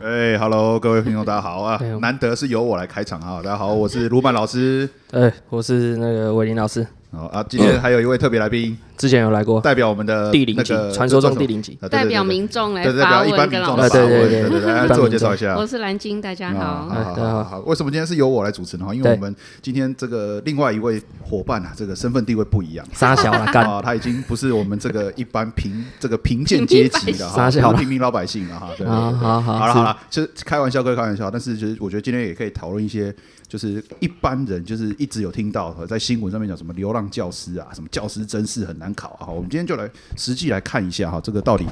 哎、 欸、，Hello，各位朋友，大家好啊、欸！難得是由我來開場啊，大家好，我是魯班老師。哎、欸，我是那個偉林老師。好啊，今天還有一位特別來賓、哦，之前有來過，代表我們的地靈級，傳說中的地靈級，代表民眾來，代表一般民眾來。對對對對，來自我介紹一下。我是藍鯨，大家好，啊、好，好，好，對好，好，好。為什麼今天是由我來主持呢？因為我們今天這個另外一位伙伴啊，這個身份地位不一樣，沙小干啊，他已經不是我們這個一般貧這個貧賤階級的，沙平民老百姓了、啊、哈。啊，好好，了好了，是開玩笑，可以開玩笑，但是其實我覺得今天也可以討論一些。就是一般人就是一直有聽到在新聞上面講什麼流浪教師啊，什麼教師甄試很難考啊。我們今天就來實際來看一下哈，這個到底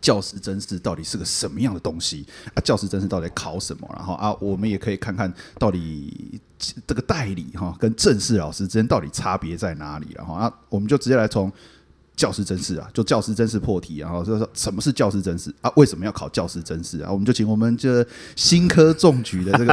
教師甄試到底是個什麼樣的東西啊？教師甄試到底考什麼？然後啊、啊，我們也可以看看到底這個代理哈、啊、跟正式老師之間到底差別在哪裡，然後啊、啊，我們就直接來從。教師甄試啊，就教師甄試破題啊，然後就是說什麼是教師甄試啊？為什麼要考教師甄試啊？我們就請我們這新科中舉的這個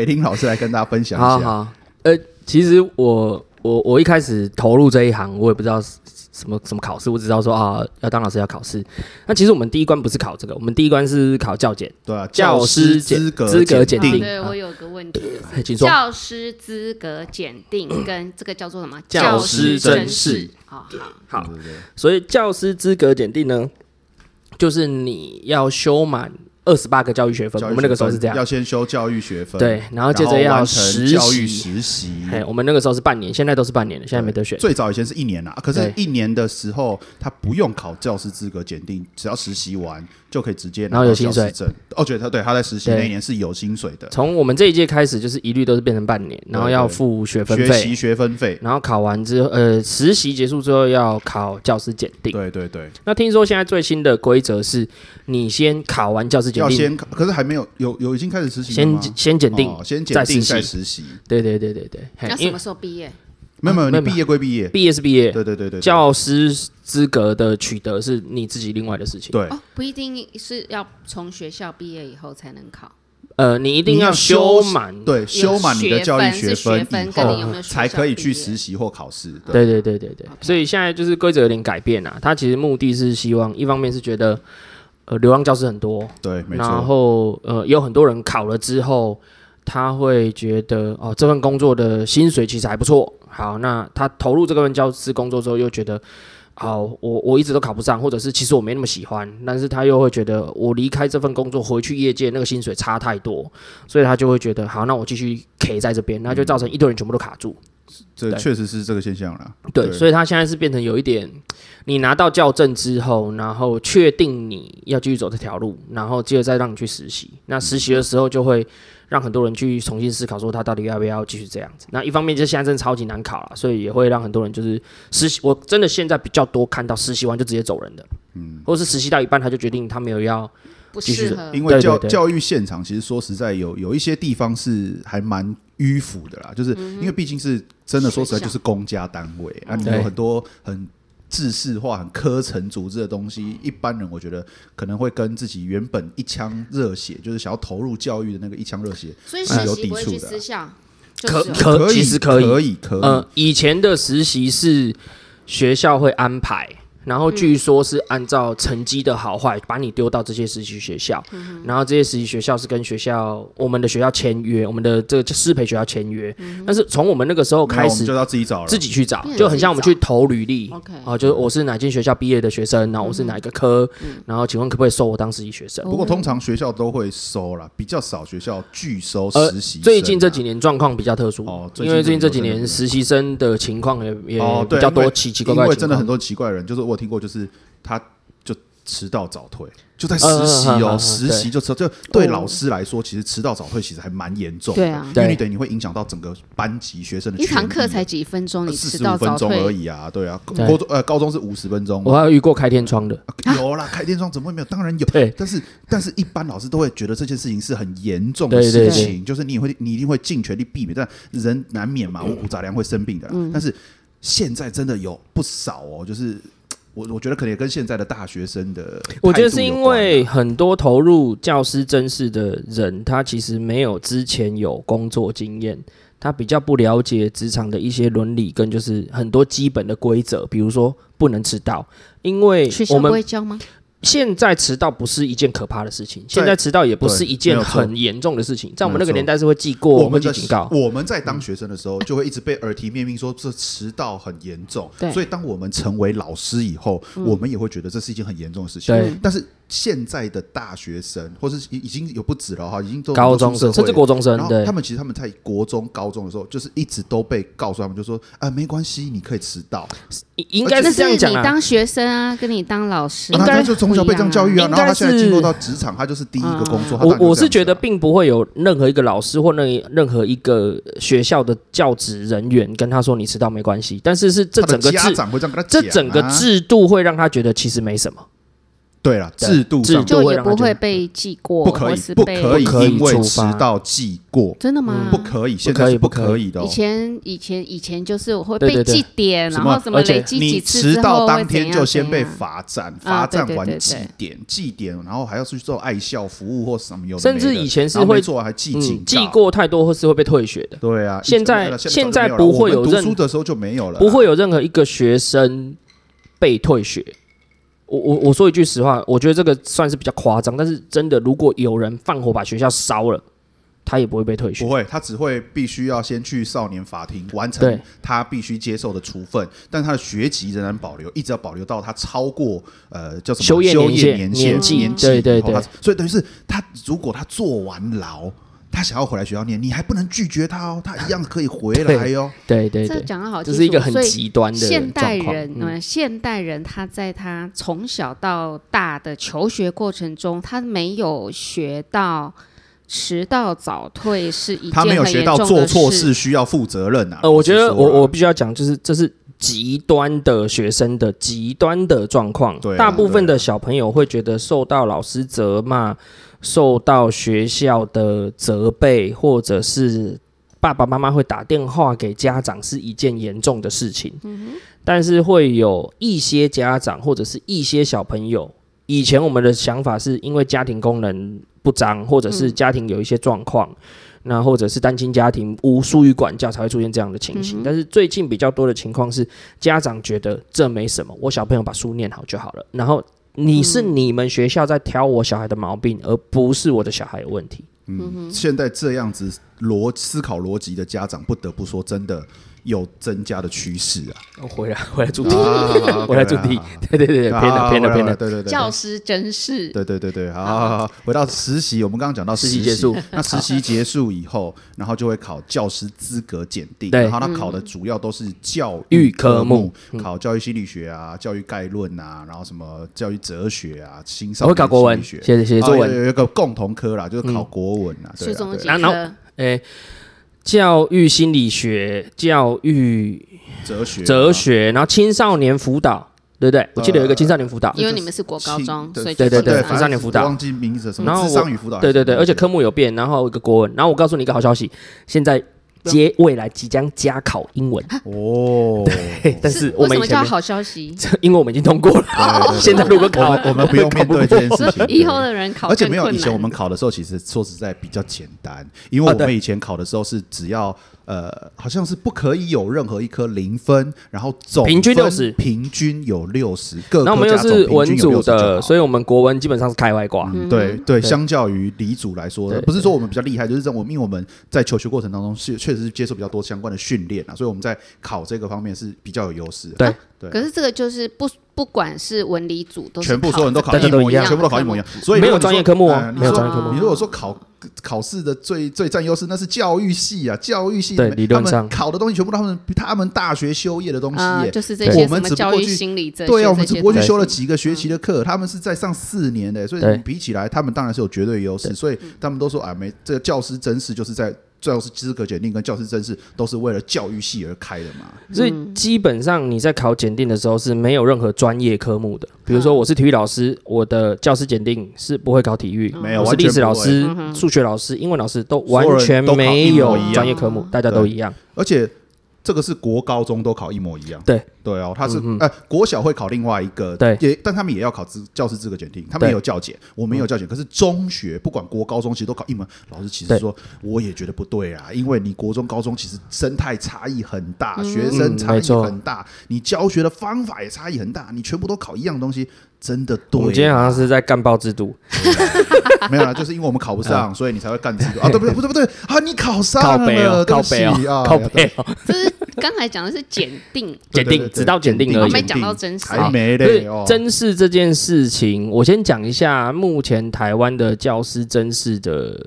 偉霆、 哎、老師來跟大家分享一下。好，好，呃，其實我我我一開始投入這一行，我也不知道是。什麼什麼考試？我只知道說啊，要當老師要考試。那其實我們第一關不是考這個，我們第一關是考教檢，對啊，教師資格資格檢定、哦。對，我有個問題、就是，教師資格檢定跟這個叫做什麼？嗯、教師甄試啊、哦，好。所以教師資格檢定呢，就是你要修滿。二十八個教育學分育學，我們那個時候是這樣，要先修教育學分，對，然後接着要教育實習，教育實習，哎，我們那個時候是半年，現在都是半年了，現在沒得選。最早以前是一年啊，可是一年的時候他不用考教師資格檢定，只要實習完就可以直接拿到教師證。哦，覺得對，他在實習那一年是有薪水的。從我們這一屆開始，就是一律都是變成半年，然後要付學分費，學分費，然後考完之後，呃，實習結束之後要考教師檢定。對對對。那聽說現在最新的規則是，你先考完教師檢定。要先可是還沒有有有已經開始實習，先先檢定，哦、先檢定再實習。對對對對對。要什麼時候畢業？沒有沒有，你畢業歸畢業，畢、啊、畢業是畢業。對對，對對對對。教師資格的取得是你自己另外的事情。對哦，不一定是要從學校畢業以後才能考。呃，你一定要修滿，對，修滿你的教育學分，學分有有學才可以去實習或考試。對對對對對，對。Okay. 所以現在就是規則有點改變了、啊，他其實目的是希望，一方面是覺得。呃，流浪教師很多，對，沒錯。然後，呃，也有很多人考了之後，他會覺得哦，這份工作的薪水其實還不錯。好，那他投入這份教師工作之後，又覺得好、哦，我我一直都考不上，或者是其實我沒那麼喜歡，但是他又會覺得我離開這份工作回去業界那個薪水差太多，所以他就會覺得好，那我繼續卡在這邊，那就造成一堆人全部都卡住。嗯這確實是這個現象啦。對，對，所以他現在是變成有一點，你拿到教證之後，然後確定你要繼續走這條路，然後接着再讓你去實習。那實習的時候就會讓很多人去重新思考，說他到底要不要繼續這樣子。那一方面，就是現在真的超級難考了，所以也會讓很多人就是實習。我真的現在比較多看到實習完就直接走人的，嗯，或者是實習到一半他就決定他沒有要，繼續。因為教教育現場其實說實在有有一些地方是還蠻。迂腐的啦，就是、嗯、因為畢竟是真的，說實在，就是公家單位、欸、啊，你有很多很制式化、很科層組織的東西、嗯，一般人我覺得可能會跟自己原本一腔熱血，就是想要投入教育的那個一腔熱血，是、啊、有抵觸的、就是。可可以其實可以，可以，可以，呃、以前的實習是學校會安排。然後據說是按照成績的好壞、嗯、把你丟到這些實習學校、嗯，然後這些實習學校是跟學校我們的學校簽約，我們的這個師培學校簽約、嗯。但是從我們那個時候開始就要自己找了，自己去找，就很像我們去投履歷。自己自己啊、okay，就是我是哪間學校畢業的學生，okay、然後我是哪一個科、嗯，然後請問可不可以收我當實習學生？不過通常學校都會收啦，比較少學校拒收實習生、啊。最近這幾年狀況比較特殊、哦，因為最近這幾年實習生的情況也、哦、也比較多奇奇怪怪的。因為真的很多奇怪人，就是我。我聽過就是，他就遲到早退，就在實習哦，哦實習就遲就對老師來說，oh. 其實遲到早退其實還蠻嚴重的，對啊，因為你等於會影響到整個班級學生的權益。一堂課才幾分鐘，你遲到早退、呃、分鐘而已啊，對啊，對高中呃高中是五十分鐘、嗯呃，我還有遇過開天窗的，啊、有啦、啊，開天窗怎麼會沒有？當然有，對，但是但是一般老師都會覺得這件事情是很嚴重的事情，對對對，就是你會你一定會盡全力避免，但人難免嘛，五、嗯、穀雜糧會生病的、嗯，但是現在真的有不少哦，就是。我我覺得可能也跟現在的大學生的，啊、我覺得是因為很多投入教師甄試的人，他其實沒有之前有工作經驗，他比較不了解職場的一些倫理跟就是很多基本的規則，比如說不能遲到，因為我們。現在遲到不是一件可怕的事情，現在遲到也不是一件很嚴重的事情。在我們那個年代是會記過，我們就警告。我們在當學生的時候，嗯、就會一直被耳提面命說這遲到很嚴重，對，所以當我們成為老師以後，我們也會覺得這是一件很嚴重的事情。對，但是。現在的大學生，或是已經有不止了哈，已經都高中生都甚至國中生，對，他們其實他們在國中、高中的時候，就是一直都被告訴他們就說啊，沒關係，你可以遲到。應該是這樣講、啊、你當學生啊，跟你當老師，應該啊、他就從小被這樣教育啊應該是。然後他現在進入到職場，他就是第一個工作。我、啊、我是覺得，並不會有任何一個老師或任任何一個學校的教職人員跟他說你遲到沒關係，但是是這整個制這、啊、這整個制度會讓他覺得其實沒什麼。對了，制度上就也不會被記過，不可以不可以因為遲到記過，真的嗎？嗯、不可以，現在是不可以，不可以，不可以的哦。以前以前以前就是我會被記點，對對對，然後什麼累積幾次你遲到當天就先被罰站，怎樣怎樣罰站完記點、啊對對對對，記點，然後還要去做愛校服務或什麼有。甚至以前是會記、嗯、記過太多或是會被退學的。對啊，現在的現在書的時候就沒有了，不會有任何一個學生被退學。我我我說一句實話，我覺得這個算是比較誇張。但是真的，如果有人放火把學校燒了，他也不會被退學，不會，他只會必須要先去少年法庭完成他必須接受的處分，但他的學籍仍然保留，一直要保留到他超過呃叫什麼修業年限，年紀，年紀對對對，所以等於是他如果他坐完牢。他想要回來學校念，你還不能拒絕他哦，他一樣可以回來喲、哦。對對對，講得好，這是一個很極端的現代人、嗯。現代人他在他從小到大的求學過程中，他沒有學到遲到早退是一件很嚴重的事，他沒有學到做錯事需要負責任啊，啊。呃，我覺得我我必須要講，就是這是。極端的學生的極端的狀況。對啊，對啊，大部分的小朋友會覺得受到老師責罵、受到學校的責備，或者是爸爸媽媽會打電話給家長是一件嚴重的事情。嗯哼，但是會有一些家長或者是一些小朋友，以前我們的想法是因為家庭功能不彰，或者是家庭有一些狀況。嗯那或者是單親家庭無疏於管教，才會出現這樣的情形，嗯，但是最近比較多的情況是家長覺得這沒什麼，我小朋友把書念好就好了。然後你是你們學校在挑我小孩的毛病，嗯，而不是我的小孩有問題。嗯，現在這樣子邏思考邏輯的家長，不得不說真的。有增加的趨勢啊！回來回來做地，回來做地、， 啊 okay，來地啊，對對對，啊、偏了偏了，偏了，偏，了偏了，對對對，教師甄試，對對對對，好，回到實習，我們剛剛講到實習結束，那實習結束以後，然後就會考教師資格檢定 對，然後他考的主要都是教育科目，嗯、考教育心理學啊，教育概論啊、嗯，然後什麼教育哲學啊，新上我、哦、會考國文，寫寫作文有一個共同科啦、嗯，就是考國文啊，嗯、對中級科，哎。教育心理學、教育哲學、哲學，然後青少年輔導，對不對、呃？我記得有一個青少年輔導，因為你們是國高中，所以對對對，青少年輔導、嗯，然後我，輔導，對對對，而且科目有變，然後一個國文，然後我告訴你一個好消息，現在。接未來即將加考英文哦，對是，但是我們以前為什麼叫好消息，因為我們已經通過了對對對對，現在如果考、哦，我，我們不用面對這件事情。以後的人考，而且沒有以前我們考的時候，其實說實在比較簡單，因為我們以前考的時候是只要。呃，好像是不可以有任何一科零分，然後總分平均六十，平均有六十，那我們就是文組的，所以我們國文基本上是開外掛，嗯、對對、對，相較於理組來說，不是說我們比較厲害，就是我因為我們在求學過程當中是確實是接受比較多相關的訓練啊，所以我們在考這個方面是比較有優勢，對對，可是這個就是不。不管是文理組，都全部所有人都考的一,一,一,一模一樣，全部都考一模一，模一樣。所以沒有專業科目，沒有專業科目、啊啊。你如果，啊說，啊，說，說考考試的最最佔優勢，那是教育系啊，教育系。對，理論上考的東西全部他們他們大學修業的東西，呃。就是這些什麼教育心理。對啊，我們只不過去修了幾個學期的課，嗯、他們是在上四年的。所以你比起來，他們當然是有絕對優勢。所以他們都說啊，哎，沒這個教師甄試就是在。最後是資格檢定跟教師證是都是為了教育系而開的嘛，所以基本上你在考檢定的時候是沒有任何專業科目的。比如說我是體育老師，我的教師檢定是不會考體育；我是歷史老師、數學老師、哦、哦、英文老師都完全沒有專業科目、哦，大家都一樣。而且。這個是國高中都考一模一樣，對對哦，他是、嗯、呃國小會考另外一個，對，也但他們也要考資教師資格檢定，他們也有教檢，我沒有教檢、嗯，可是中學不管國高中其實都考一模。老師其實說我也覺得不對啊，因為你國中高中其實生態差異很大，嗯、學生差異很大，嗯，你教學的方法也差異很大，你全部都考一樣東西。真的多、哦。我今天好像是在幹報制度，啊、 沒有啊，就是因為我們考不上， 所以你才會幹制度啊？對不對不對不對 啊！你考上了，考北啊，考北啊、哎，對，這是剛才講的是檢定，檢定，直到檢定而已對對對定，還沒講到甄試。啊，還沒嘞、哦。甄試這件事情，我先講一下目前台灣的教師甄試的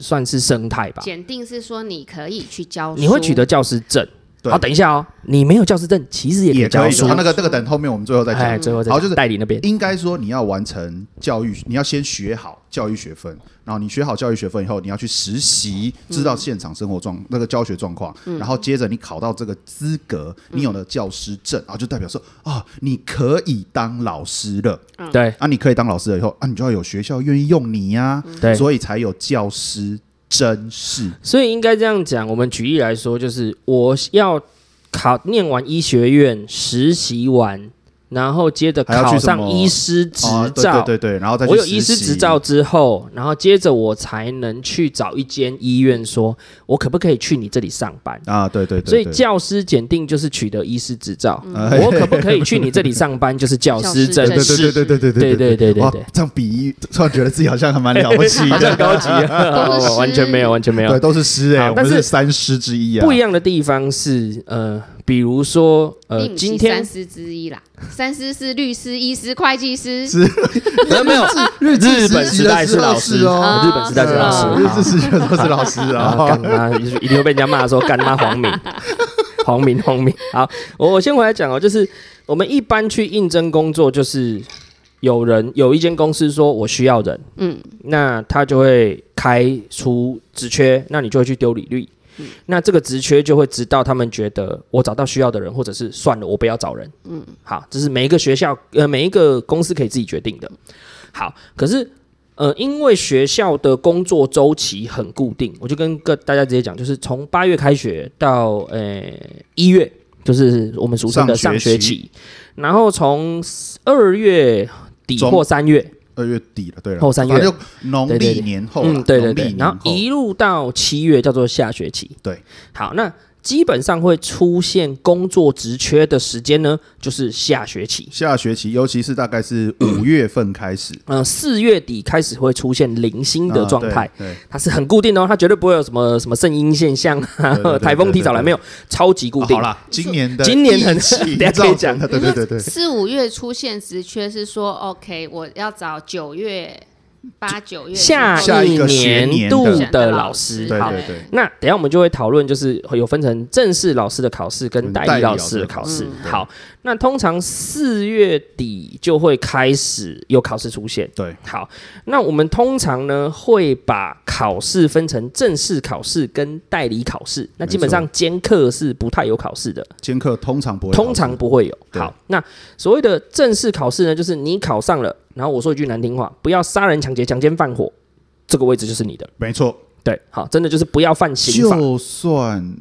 算是生態吧。檢定是說你可以去教，你會取得教師證。好、哦，等一下哦，你沒有教師證，其實也可以教書。那個，這、那個等後面我們最後再講。哎再講嗯、好，就是代理那邊，應該說你要完成教育，你要先學好教育學分，然後你學好教育學分以後，你要去實習，知道現場生活狀、嗯、那個教學狀況、嗯，然後接着你考到這個資格，你有了教師證，然、嗯、後、啊、就代表說啊，你可以當老師了、嗯啊。對，啊，你可以當老師了以後啊，你就要有學校願意用你呀、啊。對、嗯，所以才有教師。真是，所以應該這樣講。我們舉例來說，就是我要考、念完醫學院、實習完。然後接着考上醫師執照，啊、對對對，然後再我有醫師執照之後，然後接着我才能去找一間醫院說，說我可不可以去你這裡上班啊？對對，對對對，所以教師檢定就是取得醫師執照，嗯、我可不可以去你這裡上班？就是教師證，對、嗯、 對對對對對對對對對，這樣比喻突然覺得自己好像還蠻了不起，的。 高級、 啊哦，完全沒有完全沒有，對，都是師哎、啊，我們是三師之一啊。不一樣的地方是呃。比如說，呃，今天三師之一啦， 三師是律師、醫師、會計師，沒有沒有，日本時代是老師哦，日本時代是老師，日治時代都是老師 啊，啊，啊，啊，乾媽 一定會被人家罵說 幹他黃明， 黃明黃明。好，我先回來講哦，就是我們一般去應徵工作，就是有人有一間公司說我需要人，嗯，那他就會開出職缺，那你就會去丟履歷。嗯、那這個職缺就會直到他們覺得我找到需要的人，或者是算了，我不要找人。嗯，好，這是每一個學校呃每一個公司可以自己決定的。好，可是呃因為學校的工作週期很固定，我就跟大家直接講，就是從八月開學到呃一月，就是我們俗稱的上學、上學期，然後從二月底或三月。二月底了，對了，然後三月農曆年後對對對，嗯，對對，對，年後，然後一路到七月叫做下學期，對，好，那。基本上會出現工作職缺的時間呢，就是下學期。下學期，尤其是大概是五月份開始。嗯，呃、四月底開始會出現零星的狀態，嗯、對對它是很固定的哦，它絕對不會有什麼什麼聖嬰現象，哈哈、颱風提早來，沒有，超級固定。哦，好了，今年的今年很氣，不四五月出現職缺是說，OK，我要找九月。八九月下一年度的老師，對對對好，那等一下我們就會討論，就是有分成正式老師的考試跟代理老師的考試。嗯、好，那通常四月底就會開始有考試出現。對，好，那我們通常呢會把考試分成正式考試跟代理考試。那基本上兼課是不太有考試的，兼課通常不會，通常不會有。好，那所謂的正式考試呢，就是你考上了。然後我說一句難聽話，不要殺人、搶劫、強姦、放火，這個位置就是你的。沒錯，對，好，真的就是不要犯刑法。就算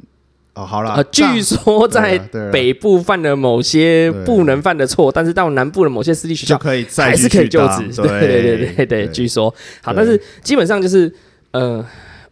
哦，好了，呃，據說在北部犯了某些不能犯的錯，但是到南部的某些私立學校可以，還是可以就職。對對對對對，對，據說好，但是基本上就是呃，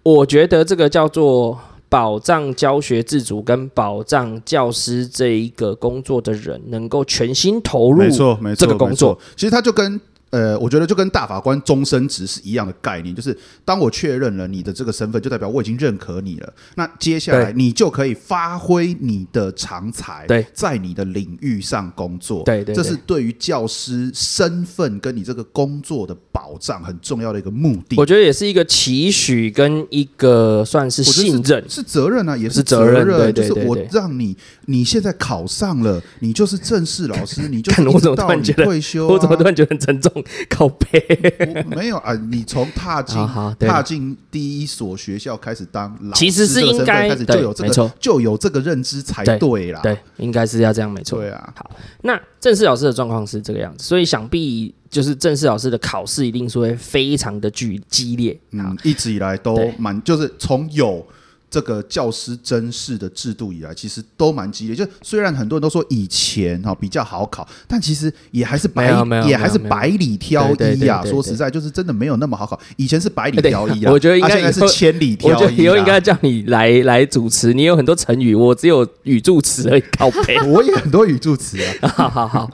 我覺得這個叫做保障教學自主跟保障教師這一個工作的人，能夠全心投入，沒錯沒錯，這個工作，沒錯沒錯沒錯，其實他就跟。呃，我覺得就跟大法官終身職是一樣的概念，就是當我確認了你的這個身份，就代表我已經認可你了。那接下來你就可以發揮你的長才，在你的領域上工作。對，對，對，對，這是對於教師身份跟你這個工作的保障很重要的一個目的。我覺得也是一個期許跟一個算是信任，是，是責任啊，也是責任。是責任對對對對，就是我讓你，你現在考上了，你就是正式老師，你就是一直到你退休啊。我怎麼突然覺得很沉重？靠背 沒有啊！你從踏進踏進第一所學校開始當老師的身份開始，就有這個就有這個認知才對啦。對，對應該是要這樣沒錯。對啊，好，那正式老師的狀況是這個樣子，所以想必就是正式老師的考試一定是會非常的巨激烈。嗯，一直以來都蠻就是從有。這個教師甄試的制度以來，其實都蠻激烈。就雖然很多人都說以前哈、哦、比較好考，但其實也還是百、啊啊，也還是百裡挑一呀、啊啊。說實在，就是真的沒有那麼好考。以前是百裡挑一、啊，我覺得應該也是千裡挑一。我覺得以後應該叫你來來主持，你有很多成語，我只有語助詞而已。靠北 我也很多語助詞啊。好 好好，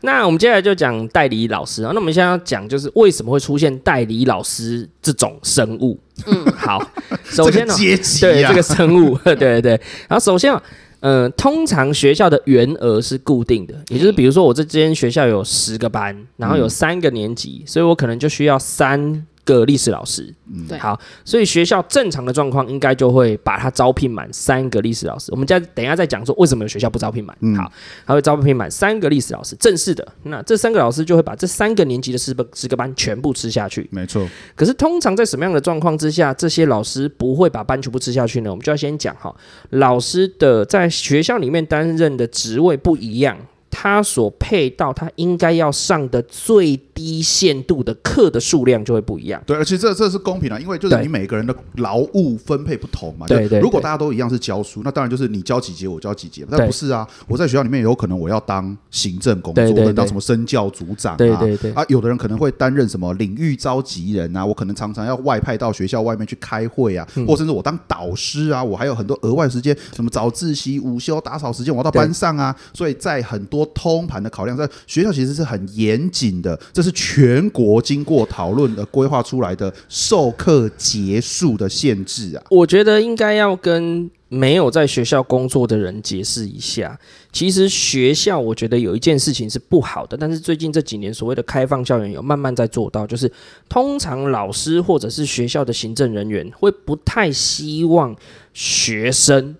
那我們接下來就講代理老師啊。那我們現在要講就是為什麼會出現代理老師這種生物？ 嗯，好。首先呢、喔，這個階級啊、對這個生物，對對對。然後首先啊、喔，嗯，通常學校的員額是固定的，也就是比如說我這間學校有十個班，然後有三個年級，嗯、所以我可能就需要三。個歷史老師，對，好，所以學校正常的狀況應該就會把他招聘滿三個歷史老師。我們再等一下再講說為什麼有學校不招聘滿。嗯，好，他會招聘滿三個歷史老師，正式的。那這三個老師就會把這三個年級的十個十個班全部吃下去。沒錯。可是通常在什麼樣的狀況之下，這些老師不會把班全部吃下去呢？我們就要先講哈，老師的在學校裡面擔任的職位不一樣，他所配到他應該要上的最。低限度的課的數量就會不一樣。對，而且這這是公平的、啊，因為就是你每個人的勞務分配不同嘛。對，如果大家都一樣是教書，那當然就是你教幾節我教幾節。但不是啊，我在學校裡面有可能我要當行政工作，對對對，當什麼生教組長啊。對對，對啊，有的人可能會擔任什麼領域召集人啊，我可能常常要外派到學校外面去開會啊，嗯、或者甚至我當導師啊，我還有很多額外時間，什麼早自習、午休、打掃時間，我要到班上啊。所以在很多通盤的考量，在學校其實是很嚴謹的。這是。是全國經過討論的規劃出來的授課節數的限制啊，我覺得應該要跟沒有在學校工作的人解釋一下。其實學校我覺得有一件事情是不好的，但是最近這幾年所謂的開放校園有慢慢在做到，就是通常老師或者是學校的行政人員會不太希望學生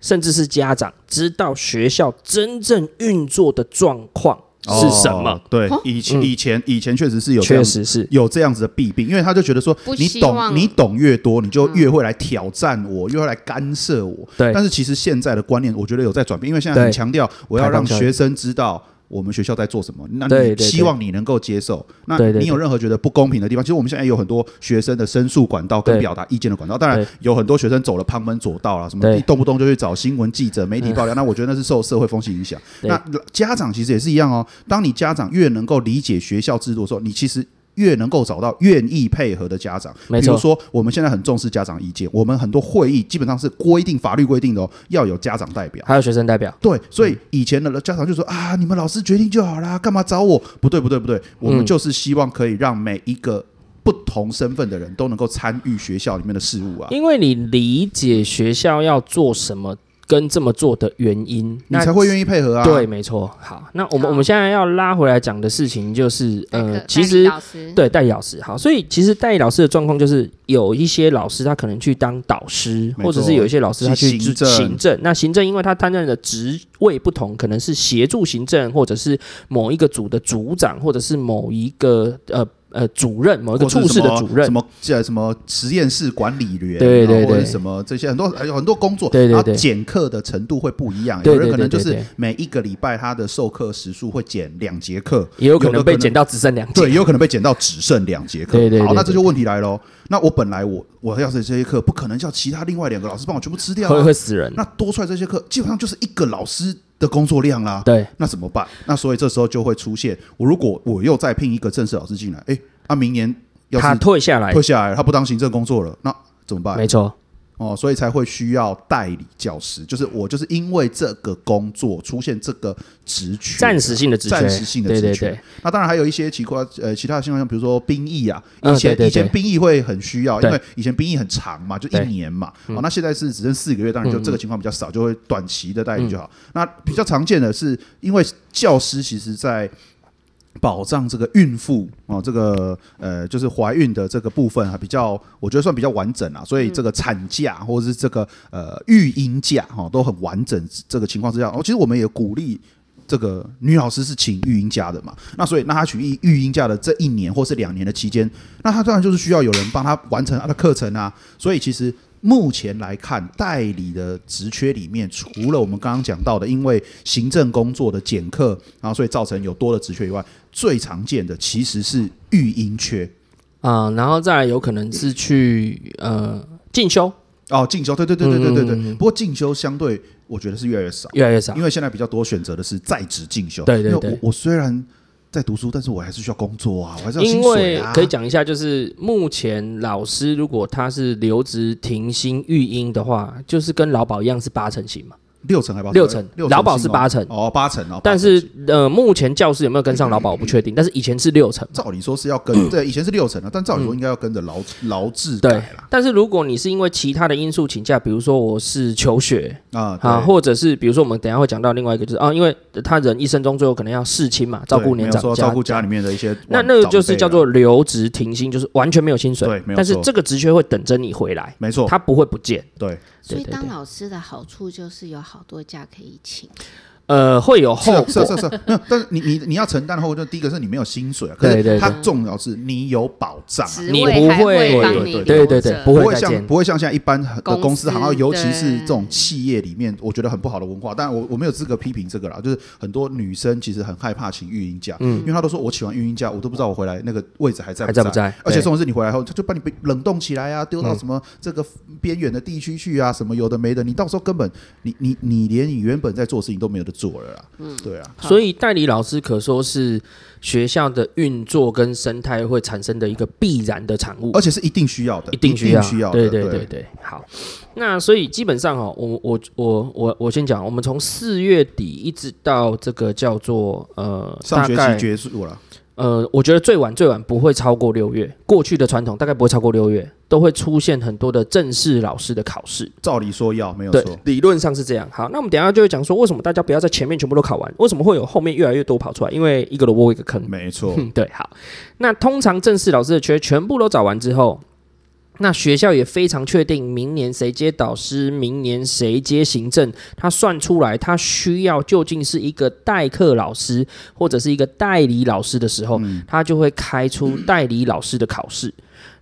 甚至是家長知道學校真正運作的狀況。是什麼、哦？對，以前、哦、以前以前確實是有，這樣、嗯、是有這樣子的弊病，因為他就覺得說，不你懂你懂越多，你就越會來挑戰我、嗯，越會來干涉我。對，但是其實現在的觀念，我覺得有在轉變，因為現在很強調我要讓學生知道。我們學校在做什麼？那你希望你能夠接受。對對對，那你有任何覺得不公平的地方，對對對對。其實我們現在有很多學生的申訴管道跟表達意見的管道。當然，有很多學生走了旁門左道啊，對什麼一動不動就去找新聞記者、媒體爆料。那我覺得那是受社會風氣影響。 那家長其實也是一樣哦。當你家長越能夠理解學校制度的時候，你其實。越能夠找到願意配合的家長，比如說我們現在很重視家長意見，我們很多會議基本上是規定法律規定的哦，要有家長代表，還有學生代表。對，所以以前的家長就說、嗯、啊，你們老師決定就好啦，幹嘛找我？不對，不對，不對，我們就是希望可以讓每一個不同身份的人都能夠參與學校裡面的事務啊。因為你理解學校要做什麼。跟這麼做的原因，你才會願意配合啊？對，沒錯。好，那我們、嗯、我們現在要拉回來講的事情就是，呃，其實對代理老師。好，所以其實代理老師的狀況就是，有一些老師他可能去當導師，或者是有一些老師他去行政。那行政，行政因為他擔任的職位不同，可能是協助行政，或者是某一個組的組長，嗯、或者是某一個呃。呃，主任，某一個處室的主任，是什麼這什,什麼實驗室管理員，對對對，然後或者什麼這些很多還有很多工作，他對減課的程度會不一樣對對對，有人可能就是每一個禮拜他的授課時數會減兩節課對對對對對有，也有可能被減到只剩兩節，節，對，也有可能被減到只剩兩節課。 對、對、對、對，好，那這就問題來咯。那我本來我我要這這些課，不可能叫其他另外兩個老師幫我全部吃掉，啊，會死人。那多出來這些課，基本上就是一個老師的工作量啦，啊，對，那怎麼辦？那所以這時候就會出現，我如果我又再聘一個正式老師進來，誒、他、啊、明年要退，他退下來，退下來他不當行政工作了，那怎麼辦？沒錯。哦，所以才會需要代理教師，就是我就是因為這個工作出現這個職權，暫時性的職權，暫時性的職權。對，對對對。那當然還有一些其他呃其他的情況，像比如說兵役啊，以前、嗯、對對對以前兵役會很需要，因為以前兵役很長嘛，就一年嘛。哦，那現在是只剩四個月，當然就這個情況比較少，就會短期的代理就好、嗯。那比較常見的是，因為教師其實，在。保障這個孕婦啊、哦，這個呃，就是懷孕的這個部分啊，比較我覺得算比較完整啦、啊。所以這個產假或者是這個呃育嬰假哈、哦，都很完整。這個情況之下、哦，其實我們也鼓勵這個女老師是請育嬰假的嘛。那所以那她取育育嬰假的這一年或是兩年的期間，那她當然就是需要有人幫她完成她的課程啊。所以其實。目前來看，代理的職缺裡面，除了我們剛剛講到的，因為行政工作的減課，然後所以造成有多的職缺以外，最常見的其實是育嬰缺啊、呃，然後再來有可能是去呃進修哦，進修，對對對對、嗯、對對對，不過進修相對我覺得是越來越少，越來越少，因為現在比較多選擇的是在職進修，對對對，因為我，我雖然。在讀書，但是我還是需要工作啊，我還是要薪水啊，因為可以講一下，就是目前老師如果他是留職停薪育嬰的話，就是跟勞保一樣是八成薪嘛。六成還八六成，勞、哦、保是八成哦，哦，八成哦。但是呃，目前教師有沒有跟上勞保？我不確定，欸欸欸欸。但是以前是六成，照理說是要跟、嗯。對，以前是六成啊，但照理說應該要跟着勞、嗯、勞制對，但是如果你是因為其他的因素請假，比如說我是求學啊，啊，或者是比如說我們等一下會講到另外一個，就是啊，因為他人一生中最後可能要侍親嘛，照顧年長家，照顧家裡面的一些，那那個就是叫做留職停薪，就是完全沒有薪水。啊、對，但是這個職缺會等着你回來，沒錯，他不會不見。對。所以當老師的好處就是有好多假可以請。呃，會有後是、啊、是、啊、是、啊，那、啊、但是你你你要承擔的後果就第一個是你沒有薪水、啊，可是它重要是你有保障、啊，你不會，會你對，對對對，不會，不會像不會像現在一般的公司好像尤其是這種企業裡面，我覺得很不好的文化。但我我沒有資格批評這個啦，就是很多女生其實很害怕請育嬰假，嗯，因為她都說我請完育嬰假，我都不知道我回來那個位置還在不在。在不在，而且重要是，你回來後，她就把你被冷凍起來啊，丟到什麼這個邊遠的地區去啊，什麼有的沒的，你到時候根本你你你連你原本在做事情都沒有的。做了啦，嗯，對啊，所以代理老師可說是學校的運作跟生態會產生的一個必然的產物，而且是一定需要的，一定需要，需要的，需要，對對對對，對。好，那所以基本上哦，我我我我我先講，我們從四月底一直到這個叫做呃，上學期結束了。呃，我覺得最晚最晚不會超過六月。過去的傳統大概不會超過六月，都會出現很多的正式老師的考試。照理說要沒有錯，理論上是這樣。好，那我們等一下就會講說，為什麼大家不要在前面全部都考完？為什麼會有後面越來越多跑出來？因為一個蘿蔔一個坑。沒錯，嗯，對，好。那通常正式老師的缺全部都找完之後。那學校也非常確定明年誰接導師，明年誰接行政。他算出來，他需要究竟是一個代課老師或者是一個代理老師的時候，他就會開出代理老師的考試。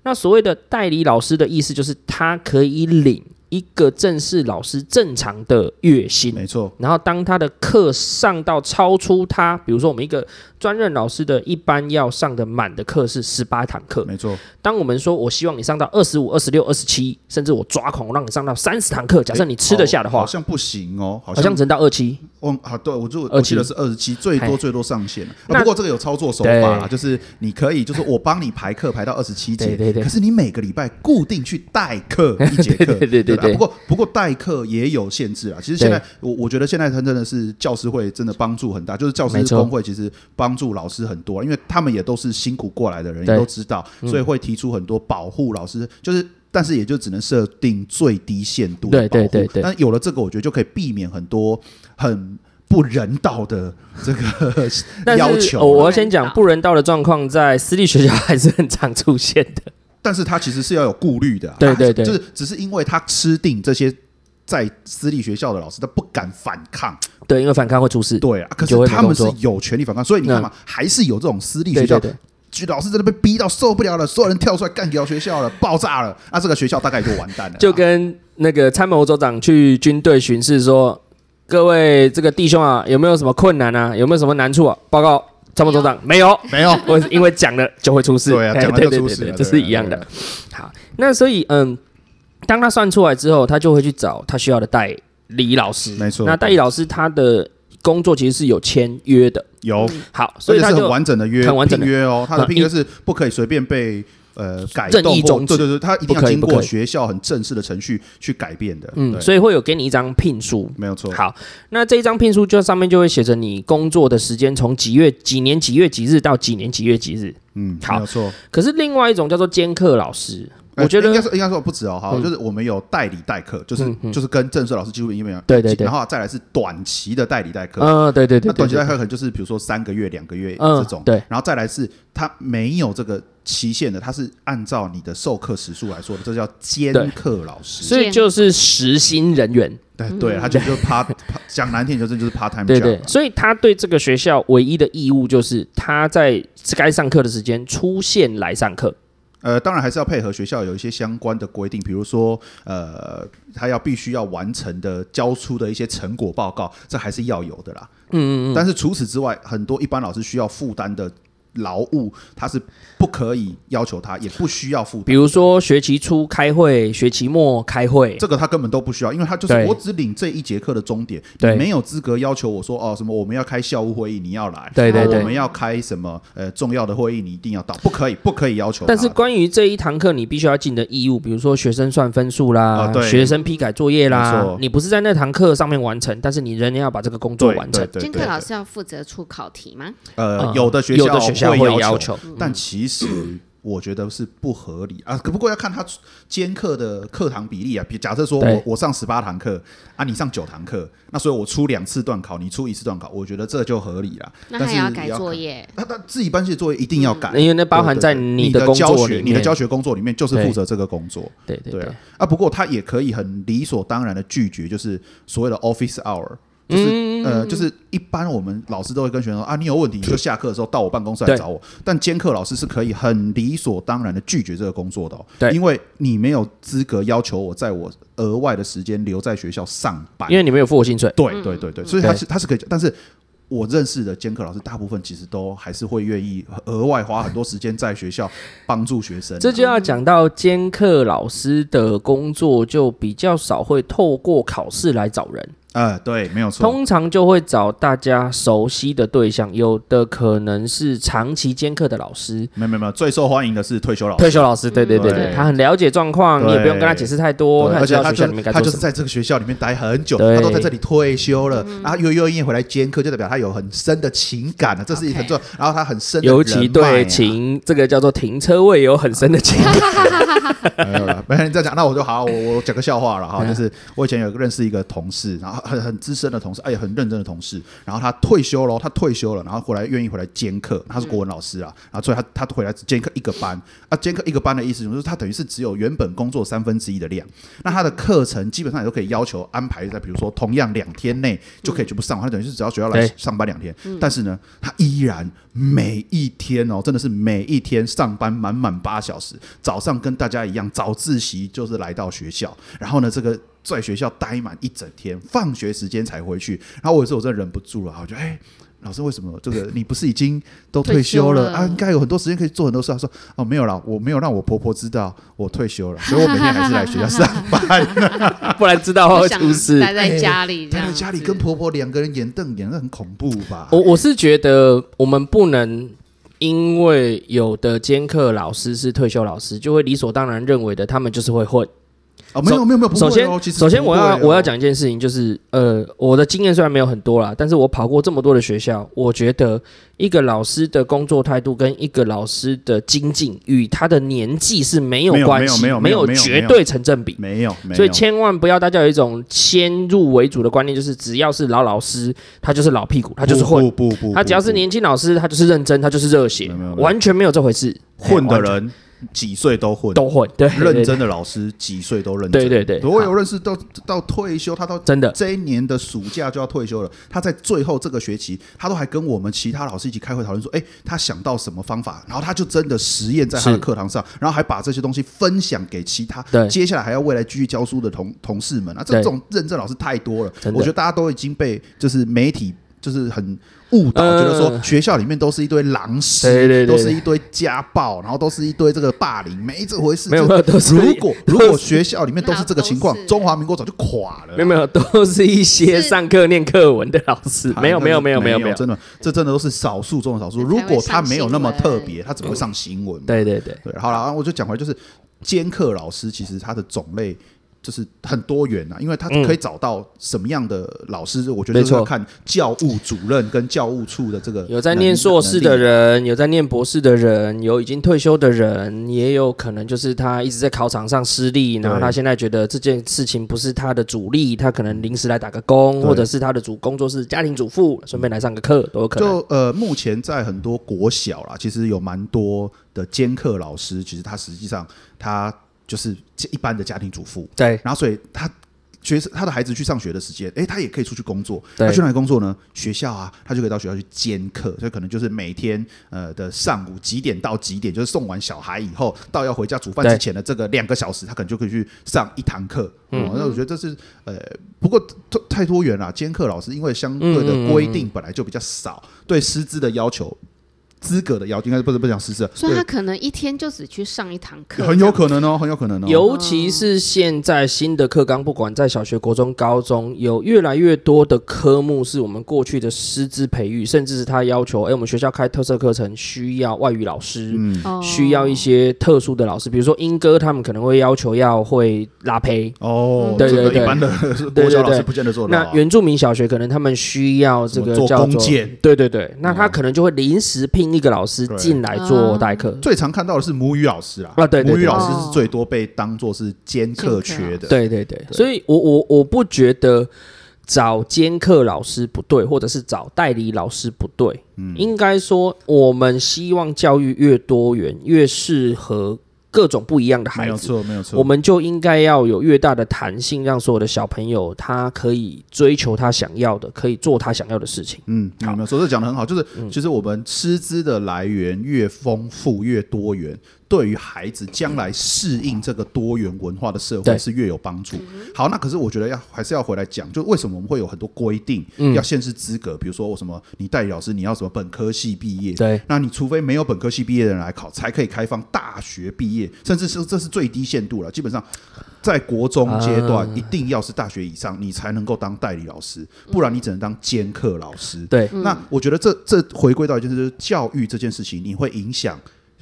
那所謂的代理老師的意思，就是他可以領。一個正式老師正常的月薪，沒錯。然後當他的課上到超出他，比如說我們一個專任老師的，一般要上的滿的課是十八堂課，沒錯。當我們說我希望你上到二十五、二十六、二十七，甚至我抓狂，讓你上到三十堂課，假設你吃得下的話，哎、好，好像不行哦，好像只能到二七。哦，好二十七，、啊，對我就記得是二十七，最多最多上限、啊哎啊。不過這個有操作手法啦、啊，就是你可以，就是我幫你排課排到二十七節，可是你每個禮拜固定去代課一節課，對 對。對對對啊、不過，不過代課也有限制啊。其實現在，我我覺得現在他真的是教師會真的幫助很大，就是教師工會其實幫助老師很多，因為他們也都是辛苦過來的人，也都知道，所以會提出很多保護老師。嗯、就是，但是也就只能設定最低限度的保護，對對對，對。但有了這個，我覺得就可以避免很多很不人道的這個要求。我要先講不人道的狀況，在私立學校還是很常出現的。但是他其實是要有顧慮的，對對對，就是只是因為他吃定這些在私立學校的老師，他不敢反抗，對，因為反抗會出事，對啊。可是他們是有權利反抗，所以你看嘛，還是有這種私立學校的老師真的被逼到受不了了，所有人跳出來幹掉學校了，爆炸了啊，那這個學校大概就完蛋了啊。就跟那個參謀總長去軍隊巡視說：“各位這個弟兄啊，有沒有什麼困難啊，有沒有什麼難處啊？報告。”參謀組長，沒有沒有，我 因為講了就會出事，對啊、講了就出事，對對對對，這是一樣的。對啊對啊、好，那所以嗯，當他算出來之後，他就會去找他需要的代理老師，沒錯，那代理老師他的工作其實是有簽約的，有、嗯、好，所以他很完整的約，很完整的約哦。的他的聘約是不可以隨便被。呃，改正一種對，對對，他一定要經過學校很正式的程序去改變的，嗯，所以會有給你一張聘書，嗯、沒有錯。好，那這一張聘書就上面就會寫着你工作的時間，從幾月幾年幾月幾日到幾年幾月幾日，嗯，好，沒錯。可是另外一種叫做兼課老師、欸，我覺得應該說應該說不止哦，喔、好、嗯，就是我們有代理代課，就是、嗯嗯、就是跟正式老師幾乎一模一樣，對、嗯、對、嗯。然後再來是短期的代理代課，嗯，對，對對對。那短期代課可能就是比如說三個月、兩個月這種，對、嗯。然後再來是他沒有這個。期限的，他是按照你的授課時數來說的，這叫兼課老師，所以就是時薪人員。對、嗯、對，他就是怕講難聽點，就是就是 part time 對對對。對，所以他對這個學校唯一的義務就是他在該上課的時間出現來上課。呃，當然還是要配合學校有一些相關的規定，比如說呃，他要必須要完成的交出的一些成果報告，這還是要有的啦。嗯嗯，嗯。但是除此之外，很多一般老師需要負擔的勞務他是不可以要求他，也不需要付。比如說學期初開會，學期末開會，這個他根本都不需要，因為他就是我只領這一節課的鐘點。對，沒有資格要求我說哦什麼我們要開校務會議你要來，對對對，我們要開什麼呃重要的會議你一定要到，不可以，不可以要求。但是關於這一堂課你必須要盡的義務，比如說學生算分數啦，呃、學生批改作業啦你，你不是在那堂課上面完成，但是你仍然要把這個工作完成。兼課老師要負責出考題嗎？呃，有的學校有的學校。對，要求、嗯，但其實我覺得是不合理啊。嗯、啊可不過要看他兼課的課堂比例啊。比假設說我我上十八堂課啊，你上九堂課，那所以我出兩次段考，你出一次段考，我覺得這就合理了。但是要改作業？那他、啊啊啊、自己班級的作業一定要改，嗯、因為那包含在你的，你的教學、你的教學工作裡面，就是負責這個工作。對對對，對對。對啊，啊不過他也可以很理所當然的拒絕，就是所謂的 office hour。就是、嗯、呃，就是一般我們老師都會跟學生說啊，你有問題你就下課的時候到我辦公室來找我。但兼課老師是可以很理所當然的拒絕這個工作的。哦，對，因為你沒有資格要求我在我額外的時間留在學校上班，因為你沒有付我薪水。對對對對，對、嗯，所以他是他是可以，但是我認識的兼課老師大部分其實都還是會願意額外花很多時間在學校 幫助學生。這就要講到兼課老師的工作就比較少會透過考試來找人。嗯呃、嗯，對，沒有錯。通常就會找大家熟悉的對象，有的可能是長期兼課的老師。沒有沒有沒有，最受歡迎的是退休老師。退休老師。對對對、嗯、對，對，對，他很了解狀況，你也不用跟他解釋太多。他而且他、就是、他就是在這個學校裡面待很久，他都在這裡退休了，嗯、然後又一又一又一回來兼課，就代表他有很深的情感了。這是一個很重要、okay，然後他很深的、啊。尤其對情、啊，這個叫做停車位有很深的情感。沒有了，沒、哎、有、哎、你再講，那我就好，我我講個笑話了哈，就是 我以前有個認識一個同事，然後。很很資深的同事，哎呀，很認真的同事。然後他退休了，他退休了，然後回來願意回來兼課。他是國文老師啊、嗯，然後所以他他回來只兼課一個班啊，兼課一個班的意思就是他等於是只有原本工作三分之一的量。那他的課程基本上也都可以要求安排在比如說同樣兩天內就可以全部上完、嗯，他等於是只要學校來上班兩天、嗯。但是呢，他依然每一天哦，真的是每一天上班滿滿八小時。早上跟大家一樣早自習就是來到學校，然後呢這個。在學校待滿一整天，放學時間才回去。然後我有時候我真的忍不住了，我就哎、欸，老師為什麼這個、嗯？你不是已經都退休了，退休了啊？應該有很多時間可以做很多事。他說哦，沒有啦，我沒有讓我婆婆知道我退休了，所以我每天還是來學校上班。 不然知道哦，就是待在家裡、欸，待在家裡跟婆婆兩個人眼瞪眼，那很恐怖吧？我我是覺得我們不能因為有的兼課老師是退休老師，就會理所當然認為的他們就是會混。沒有沒有沒有。首先、哦哦、首先我要我要講一件事情，就是呃，我的經驗雖然沒有很多啦，但是我跑過這麼多的學校，我覺得一個老師的工作態度跟一個老師的精進與他的年紀是沒有關係，沒有，沒有，沒有，沒有，沒有絕對成正比，沒有沒有，沒有。所以千萬不要大家有一種先入為主的觀念，就是只要是老老師，他就是老屁股，他就是混，他只要是年輕老師，他就是認真，他就是熱血，完全沒有這回事。混的人。幾歲都混都混，對，對，對，對。認真的老師幾歲都認真對對對，如果有認識到到退休，他到真的這一年的暑假就要退休了，他在最後這個學期，他都還跟我們其他老師一起開會討論說，誒、欸，他想到什麼方法，然後他就真的實驗在他的課堂上，然後還把這些東西分享給其他接下來還要未來繼續教書的同同事們、啊，那這種認真老師太多了，我覺得大家都已經被就是媒體。就是很誤導、呃，覺得說學校裡面都是一堆狼師，對對對對，都是一堆家暴，然後都是一堆這個霸凌，沒這回事，就是。沒有，沒有，都是，如果如果學校裡面都是這個情況，中華民國早就垮了。沒有沒有，都是一些上課念課文的老師。沒有沒有沒有沒有沒有，真的，這真的都是少數中的少數。如果他沒有那麼特別，他怎麼會上新聞？對對對，對,對，好啦，我就講回來就是兼課老師，其實他的種類。就是很多元啊，因為他可以找到什麼樣的老師，嗯，我覺得就是要看教務主任跟教務處的這個。有在念碩士的人，有在念博士的人，有已經退休的人，也有可能就是他一直在考場上失利，然後他現在覺得這件事情不是他的主力，他可能臨時來打個工，或者是他的主工作是家庭主婦，順便來上個課都有可能。就呃，目前在很多國小啦，其實有蠻多的兼課老師，其實他實際上他。就是一般的家庭主婦，對，然後所以他學生他的孩子去上學的時間，誒、欸，他也可以出去工作，他去哪裡工作呢？學校啊，他就可以到學校去兼課，所以可能就是每天呃的上午幾點到幾點，就是送完小孩以後到要回家煮飯之前的這個兩個小時，他可能就可以去上一堂課，嗯嗯。那我覺得這是呃，不過太多元了，兼課老師因為相對的規定本來就比較少，嗯嗯嗯嗯，對師資的要求。資格的要求，應該是不是不講師資，所以他可能一天就只去上一堂課，很有可能哦，很有可能哦。尤其是現在新的課綱，不管在小學、國中、高中，有越來越多的科目是我們過去的師資培育，甚至是他要求，哎、欸，我們學校開特色課程需要外語老師，嗯、哦，需要一些特殊的老師，比如說鶯歌他們可能會要求要會拉坯哦，對對對，對，對，一般的國小老師不見得做。那原住民小學可能他們需要這個叫做做弓箭，對對對，那他可能就會臨時聘。一個老師進來做代課、啊，最常看到的是母語老師啊，啊，對,對,對，母語老師是最多被當做是兼課缺的、哦，對對對，對所以我，我我我不覺得找兼課老師不對，或者是找代理老師不對，嗯、應該說，我們希望教育越多元，越適合。各種不一樣的孩子，沒有錯，沒有錯，我們就應該要有越大的彈性，讓所有的小朋友他可以追求他想要的，可以做他想要的事情。嗯，嗯好，所以講得很好，就是其實、嗯就是、我們師資的來源越豐富越多元。對於孩子將來適應這個多元文化的社會是越有幫助。好，那可是我覺得要還是要回來講，就為什麼我們會有很多規定，要限制資格，比如說我什麼，你代理老師你要什麼本科系畢業，對，那你除非沒有本科系畢業的人來考，才可以開放大學畢業，甚至是這是最低限度了。基本上，在國中階段一定要是大學以上，你才能夠當代理老師，不然你只能當兼課老師。對，那我覺得這這回歸到就是教育這件事情，你會影響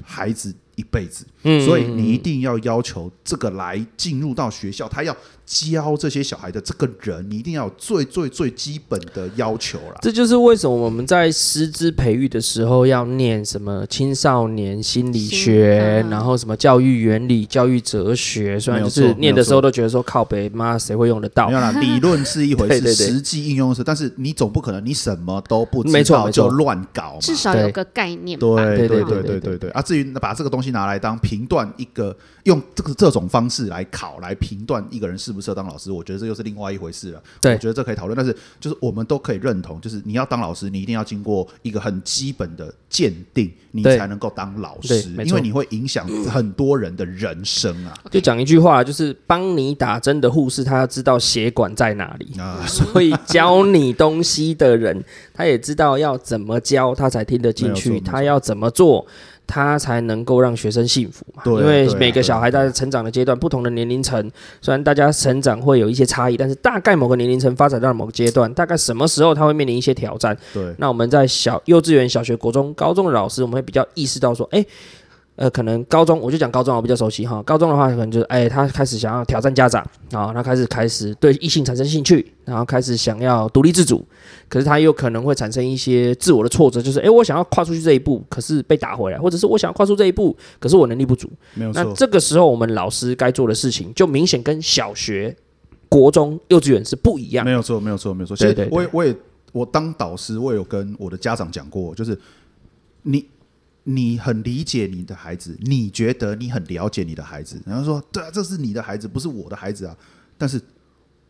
孩子，一輩子、嗯，所以你一定要要求這個來進入到學校，他要教這些小孩的這個人，你一定要有最最最基本的要求了。這就是為什麼我們在師資培育的時候要念什麼青少年心理學心，然後什麼教育原理、教育哲學，雖然就是念的時候都覺得說靠北，媽，誰會用得到？沒有啦，理論是一回事，實際應用是， 對對對對，但是你總不可能你什麼都不知道就亂搞，至少有個概念。對對對對對對對，對對對對對啊，至於把這個東西。拿來當評斷一個用這個這種方式來考、來評斷一個人是不是適合當老師，我覺得這又是另外一回事了。對，我覺得這可以討論。但是就是我們都可以認同，就是你要當老師，你一定要經過一個很基本的鑑定，你才能夠當老師，因為你會影響很多人的人生啊。就講一句話，就是幫你打針的護士，他要知道血管在哪裡啊、呃，所以教你東西的人， 他也知道要怎麼教他才聽得進去，他要怎麼做。.他才能夠讓學生幸福嘛？對，對，因為每個小孩在成長的階段，不同的年齡層，雖然大家成長會有一些差異，但是大概某個年齡層發展到某個階段，大概什麼時候他會面臨一些挑戰？對，對，那我們在小幼稚園、小學、國中、高中的老師，我們會比較意識到說，哎。呃，可能高中我就講高中，我比較熟悉哈。高中的話，可能就是哎，他開始想要挑戰家長啊，然後他開始開始對異性產生興趣，然後開始想要獨立自主。可是他又可能會產生一些自我的挫折，就是哎，我想要跨出去這一步，可是被打回來，或者是我想要跨出這一步，可是我能力不足。沒有錯。那這個時候，我們老師該做的事情就明顯跟小學、國中、幼稚園是不一樣的。沒有錯，沒有錯，沒有錯。其實對，對對，我我也我當導師，我有跟我的家長講過，就是你。你很理解你的孩子，你覺得你很了解你的孩子，然後說：“對啊，這是你的孩子，不是我的孩子啊。”但是，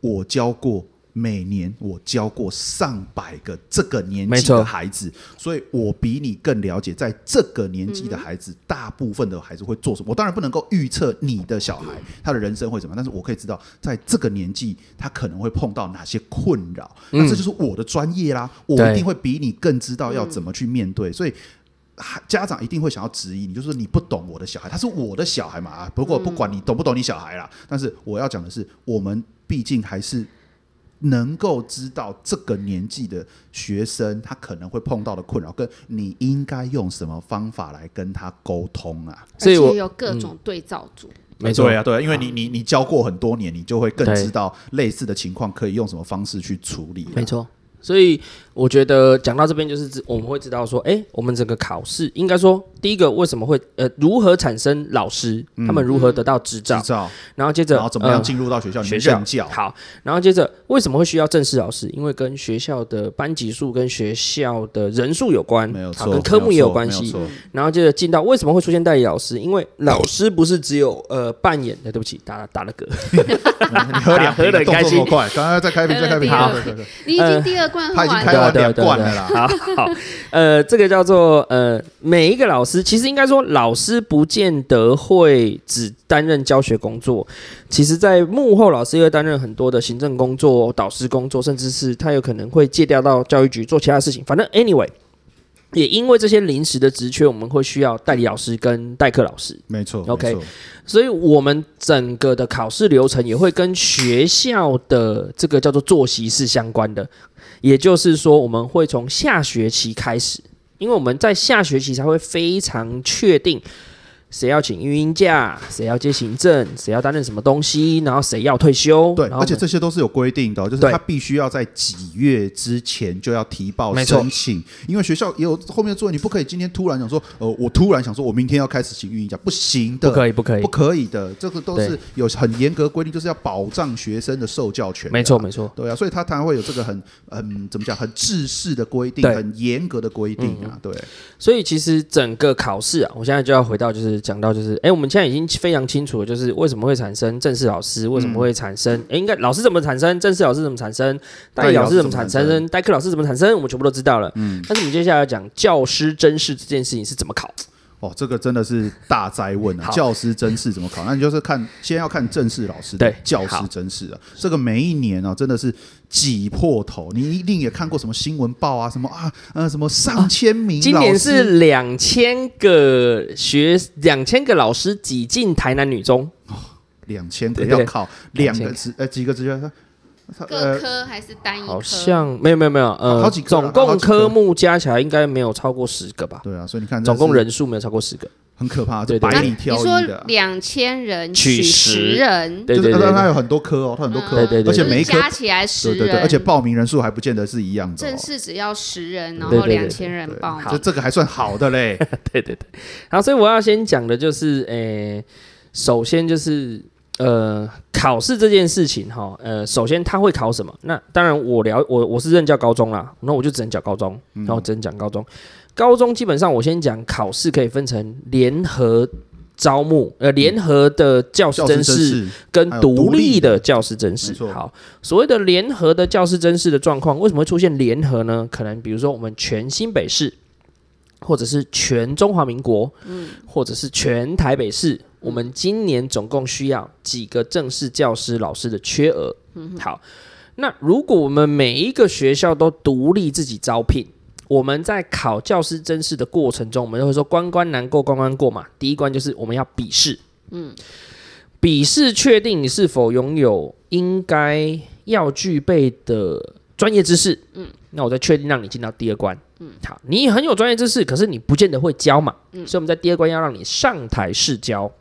我教過每年我教過上百個這個年紀的孩子，所以，我比你更了解在這個年紀的孩子，嗯，大部分的孩子會做什麼。我當然不能夠預測你的小孩他的人生會怎麼樣，但是我可以知道，在這個年紀他可能會碰到哪些困擾。那這就是我的專業啦，嗯、我一定會比你更知道要怎麼去面對。嗯、所以。家長一定會想要質疑你，就是說你不懂我的小孩，他是我的小孩嘛。啊、不過不管你懂不懂你小孩啦，嗯、但是我要講的是，我們畢竟還是能夠知道這個年紀的學生他可能會碰到的困擾，跟你應該用什麼方法來跟他溝通啊。所以我、欸、有各種對照組，嗯、沒錯呀，對啊、對啊，因為你、嗯、你你教過很多年，你就會更知道類似的情況可以用什麼方式去處理。沒錯，所以。我覺得講到這邊就是，我們會知道說，哎，我們整個考試應該說，第一個為什麼會呃如何產生老師、嗯，他們如何得到執照，執照然後接着然後怎麼樣進入到學校、嗯、任教，好，然後接着為什麼會需要正式老師？因為跟學校的班級數跟學校的人數有關，沒有錯，跟科目也有關係。然後接着進到，為什，着進到為什麼會出現代理老師？因為老師不是只有呃扮演的、呃，對不起，打打了個嗝， 你喝兩杯，喝動作多快， 剛剛在開瓶在開瓶啊，你已經第二罐喝完。呃啊、對對對了， 好，呃，這個叫做呃，每一個老師其實應該說，老師不見得會只擔任教學工作，其實，在幕後老師也會擔任很多的行政工作、導師工作，甚至是他有可能會借調到教育局做其他的事情。反正 anyway，也因為這些臨時的職缺，我們會需要代理老師跟代課老師。沒錯，OK，沒錯。所以我們整個的考試流程也會跟學校的這個叫做作息是相關的。也就是說，我們會從下學期開始，因為我們在下學期才會非常確定。誰要請育嬰假？誰要接行政？誰要擔任什麼東西？然後誰要退休？對，而且這些都是有規定的，就是他必須要在幾月之前就要提報申請。沒錯。因為學校也有後面作業，你不可以今天突然想說，呃，我突然想說，我明天要開始請育嬰假，不行的，不可以，不可以，不可以的。這個都是有很嚴格的規定，就是要保障學生的受教權、啊。沒錯，沒錯，對啊，所以他才會有這個很嗯，怎麼講，很制式的規定，很嚴格的規定啊、嗯。對，所以其實整個考試啊，我現在就要回到就是。講到就是，哎，我們現在已經非常清楚了，就是為什麼會產生正式老師，為什麼會產生？哎、嗯，應該老師怎麼產生？正式老師怎麼產生？代老師怎麼產生？代課老，老師怎麼產生？我們全部都知道了。嗯、但是我們接下來講教師甄試這件事情是怎麼考？哦，這個真的是大哉問啊！ 教師甄試怎麼考？那你就是看，先要看正式老師的。的教師甄試啊，這個每一年啊、哦，真的是擠破頭。你一定也看過什麼新聞報啊，什麼啊，啊，什麼上千名、哦。今年是兩千個學，兩千個老師擠進台南女中。哦，兩千個對對要考兩個職，呃，幾個職教？各科還是單一科、呃？好像沒有沒有沒有，呃，好、啊、幾科、啊，總共科目加起來應該沒有超過十個吧？對啊，所以你看，總共人數沒有超過十個，很可怕，對，對，對，百里挑一、啊、你說兩千人取、哦哦嗯就是、十人，對對對，他有很多科哦，他很多科，而且每科加起來十人，而且報名人數還不見得是一樣的、哦。正式只要十人，然後兩千人報名對對對對對，就這個還算好的嘞。 對，對對對，好、啊，所以我要先講的就是，呃、欸，首先就是。呃，考試這件事情哈，呃，首先他會考什麼？那當然我，我聊我我是任教高中啦，那我就只能講高中，然後只能講高中、嗯。高中基本上我先講考試可以分成聯合招募，呃，聯合的教師甄試跟獨立的教師甄試。好，所謂的聯合的教師甄試的狀況，為什麼會出現聯合呢？可能比如說我們全新北市，或者是全中華民國、嗯，或者是全台北市。嗯、我們今年總共需要幾個正式教師老師的缺額、嗯？好，那如果我們每一個學校都獨立自己招聘，我們在考教師甄試的過程中，我們就會說關關難過關關過嘛。第一關就是我們要筆試，嗯，筆試確定你是否擁有應該要具備的專業知識，嗯，那我再確定讓你進到第二關，嗯，好，你很有專業知識，可是你不見得會教嘛，嗯，所以我們在第二關要讓你上台試教。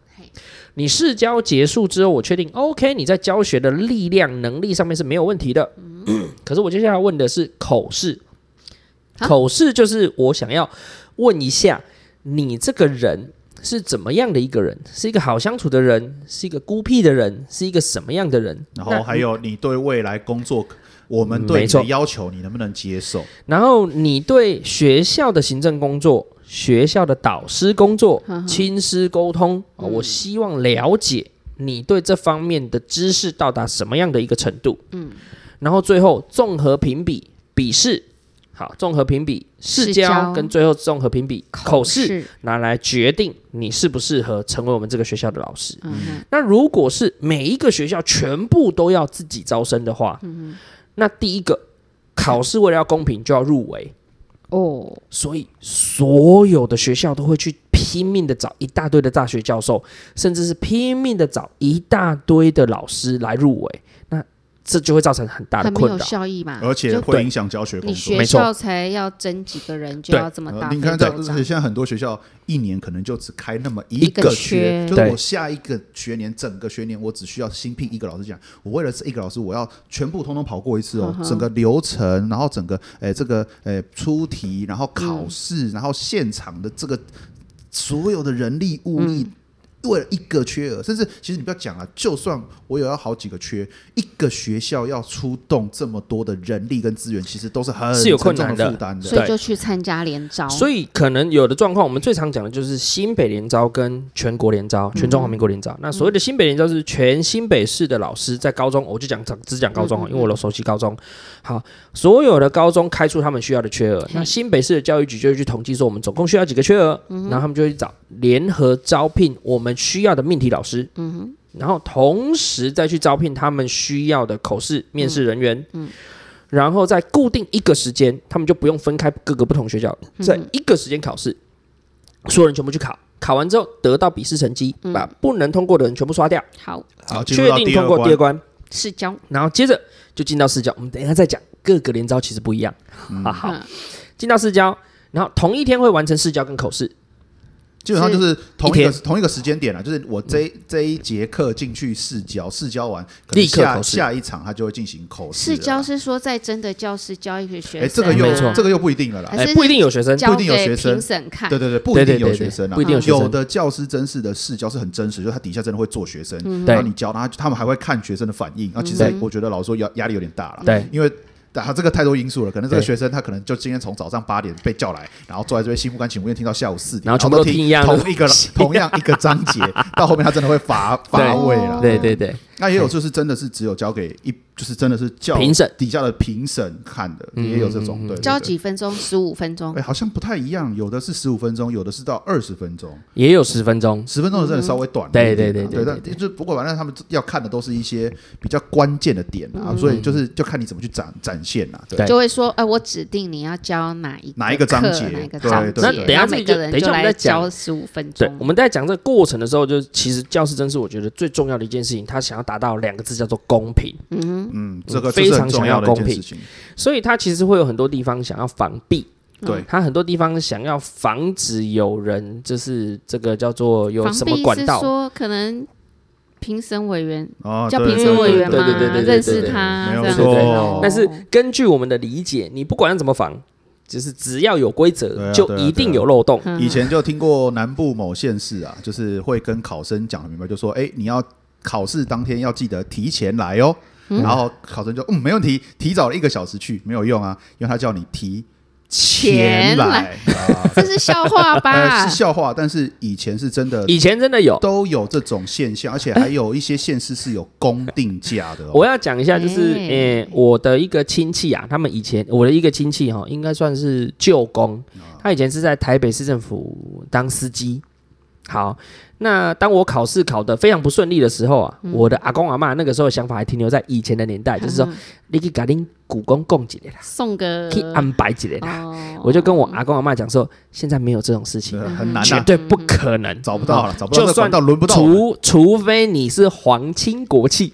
你試教結束之後，我確定 OK，你在教學的力量能力上面是沒有問題的。 可是我接下來問的是口試，口試就是我想要問一下、啊、你這個人是怎麼樣的一個人？是一個好相處的人，是一個孤僻的人，是一個什麼樣的人？然後還有你對未來工作，嗯、我們對這個要求你能不能接受？然後你對學校的行政工作？學校的導師工作，呵呵親師溝通，嗯哦，我希望了解你對這方面的知識到達什麼樣的一個程度。嗯，然後最後綜合評比筆試，好，綜合評比試教跟最後綜合評比口試，口試，拿來決定你適不適合成為我們這個學校的老師。嗯、那如果是每一個學校全部都要自己招生的話，嗯、那第一個考試為了要公平，就要入圍。哦，所以所有的學校都會去拼命的找一大堆的大學教授，甚至是拼命的找一大堆的老師來入圍。這就會造成很大的困擾，而且會影響教學工作。沒錯，教材要整幾個人就要這麼大，你看在，而、就、且、是、現在很多學校一年可能就只開那麼一個學，個學就是、我下一個學年整個學年我只需要新聘一個老師講，我為了這一個老師，我要全部通通跑過一次哦，嗯、整個流程，然後整個誒、欸、這個誒出、欸、題，然後考試、嗯，然後現場的這個所有的人力物力。嗯為了一個缺額，甚至其實你不要講啊，就算我有要好幾個缺，一個學校要出動這麼多的人力跟資源，其實都是很是有困難的負擔的。所以就去參加聯招，所以可能有的狀況，我們最常講的就是新北聯招跟全國聯招、全中華民國聯招、嗯。那所謂的新北聯招是全新北市的老師在高中，嗯哦、我就講只講高中，因為我都熟悉高中。好，所有的高中開出他們需要的缺額、嗯，那新北市的教育局就會去統計說我們總共需要幾個缺額、嗯，然後他們就會去找聯合招聘我們。需要的命題老師，嗯，然後同時再去招聘他們需要的口試、嗯、面試人員，嗯，然後再固定一個時間，他們就不用分開各個不同學校，嗯、在一個時間考試、嗯，所有人全部去考，考完之後得到筆試成績、嗯把嗯，把不能通過的人全部刷掉，好，好，嗯、確定通過第二關試教，然後接着就進到試教，我們等一下再講各個聯招其實不一樣，嗯、好好、嗯，進到試教，然後同一天會完成試教跟口試。基本上就是同一個一同一個時間點了、啊，就是我這一、嗯、這一節課進去試教，試教完立刻下一場他就會進行口試。試教是說在真的教室教一個學生、啊欸，這個又這個又不一定了啦、欸，不一定有學生，不一定有學生看，對對對，不一定有學生、啊啊，不一定有學生，有的教師真實的試教是很真實，就是、他底下真的會做學生，嗯、然後你教他，他們還會看學生的反應。那其實、嗯嗯、我覺得老師說壓壓力有點大了，對、嗯，因為。他這個太多因素了，可能這個學生他可能就今天從早上八點被叫來，然後坐在這邊心不甘情不願聽到下午四點，然後全都聽一樣的同一個 同樣一個章節， 到後面他真的會乏乏味了。對對對。那也有，就是真的是只有交給一，就是真的是叫底下的評審看的、嗯，也有這種、嗯、對，對，對。教幾分鐘，十五分鐘。哎、欸，好像不太一樣，有的是十五分鐘，有的是到二十分鐘，也有十分鐘，十分鐘的真的稍微短、啊嗯、對，對對對對對。對，就不過反正他們要看的都是一些比較關鍵的點啊、嗯，所以就是就看你怎麼去展展現、啊、對，對。就會說，哎、呃，我指定你要教哪一個、哪一個、哪一個章節，對，對對。那等一下就那每個人就來教等下我，我們在講十五分鐘。我們在講這個過程的時候，就其實教師甄是我覺得最重要的一件事情，他想要。達到兩個字叫做公平，嗯嗯、嗯，這個重非常想要公平，所以他其實會有很多地方想要防弊，對、嗯、他很多地方想要防止有人就是這個叫做有什麼管道，是說可能評審委員叫評審委員，啊、嘛對對對對、對、對，認識他沒有錯、哦。但是根據我們的理解，你不管要怎麼防，就是只要有規則，啊啊啊啊、就一定有漏洞、嗯。以前就聽過南部某縣市啊，就是會跟考生講明白，就說哎、欸，你要。考試當天要記得提前來哦、嗯，然後考生就嗯沒問題。提早了一個小時去沒有用啊，因為他叫你提前來，前來啊、這是笑話吧、呃？是笑話，但是以前是真的，以前真的有都有這種現象，而且還有一些縣市是有公定價的、哦嗯。我要講一下，就是誒、呃，我的一個親戚啊，他們以前我的一個親戚哈、哦，應該算是舅公、嗯，他以前是在台北市政府當司機。好，那當我考試考得非常不順利的時候啊，嗯、我的阿公阿嬤那個時候想法還停留在以前的年代，嗯、就是說，嗯、你去搞定國公供給他，送個去安排幾類啦、哦、我就跟我阿公阿嬤講說，現在沒有這種事情，很、嗯、難，絕對不可能，嗯嗯、找不到了，找不到，不到，就算到輪不到，除除非你是皇親國戚。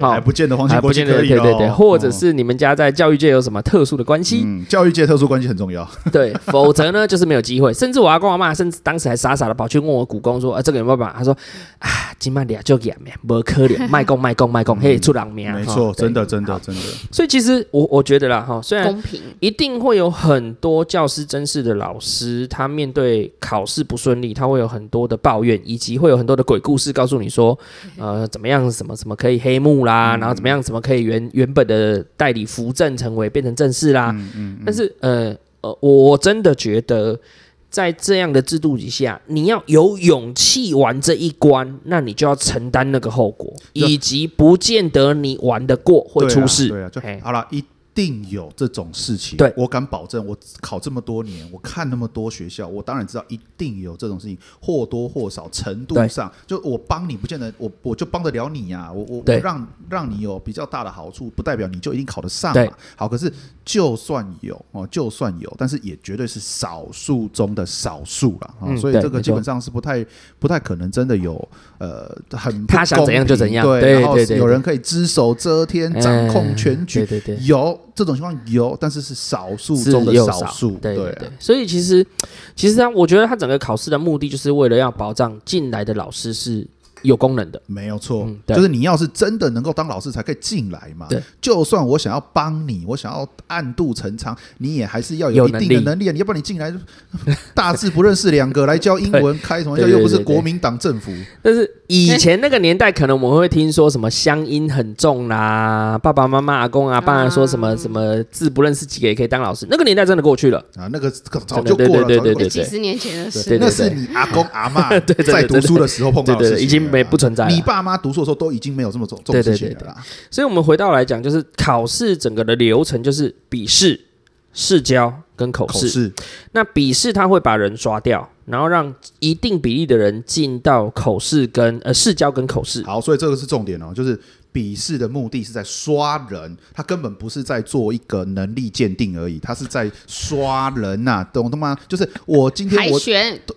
好，不見得，不見得，對對對，對，或者是你們家在教育界有什麼特殊的關係，嗯。嗯、教育界特殊關係很重要。對，否則呢，就是沒有機會。 甚至我阿公阿媽，甚至當時還傻傻的跑去問我古公說：“啊，這個有沒有辦法？”他說：“啊，金曼迪啊，就眼面無可憐，賣供賣供賣供，嘿，出人命。”沒錯，哦，真的，真的，真的。所以其實我我覺得啦，哈，雖然公平，一定會有很多教師、甄試的老師，他面對考試不順利，他會有很多的抱怨，以及會有很多的鬼故事告訴你說、嗯：“呃，怎麼樣，什麼什麼可以黑幕啦？”啊、嗯，然後怎麼樣？怎麼可以原原本的代理扶正成為變成正式啦、嗯嗯嗯？但是呃，呃我真的覺得在這樣的制度底下，你要有勇氣玩這一關，那你就要承擔那個後果，以及不見得你玩得過會出事。對啊，對啊，就嘿好了一。一定有這種事情，我敢保證。我考這麼多年，我看那麼多學校，我當然知道一定有這種事情，或多或少程度上，就我幫你不見得我我就幫得了你呀、啊。我我讓讓你有比較大的好處，不代表你就一定考得上、啊。嘛。好，可是就算有哦，就算有，但是也絕對是少數中的少數了啊、哦嗯。所以這個基本上是不太不太可能真的有呃，很不公平，他想怎樣就怎樣，對對對對對，然後有人可以只手遮天掌控全局，嗯、對對，對有。這種情況有，但是是少數中的少數。少對對、對、對、啊，所以其實其實他我覺得他整個考試的目的就是為了要保障進來的老師是有功能的。沒有錯，嗯、就是你要是真的能夠當老師，才可以進來嘛。就算我想要幫你，我想要暗度陳倉，你也還是要有一定的能力、啊、能力。你要不然你進來，大字不認識兩個 來教英文開，開什麼又不是國民黨政府，但是。以前那個年代，可能我們會聽說什麼鄉音很重啦、啊，爸爸媽媽阿公阿爸說什麼什麼字不認識幾個也可以當老師。那個年代真的過去了啊，那個早就過了，對對對對對，幾十年前的事，那是你阿公阿嬤在讀書的時候碰到的事已經沒不存在了、啊。你爸媽讀書的時候都已經沒有這麼重的事、啊、的這麼重視這些了、啊。所以，我們回到來講，就是考試整個的流程就是筆試、試教跟口試。那筆試它會把人刷掉。然後讓一定比例的人進到口試跟呃試教跟口試。好，所以這個是重點哦，就是。筆試的目的是在刷人，他根本不是在做一個能力鑑定而已，他是在刷人吶、啊，懂懂嗎？就是我今天我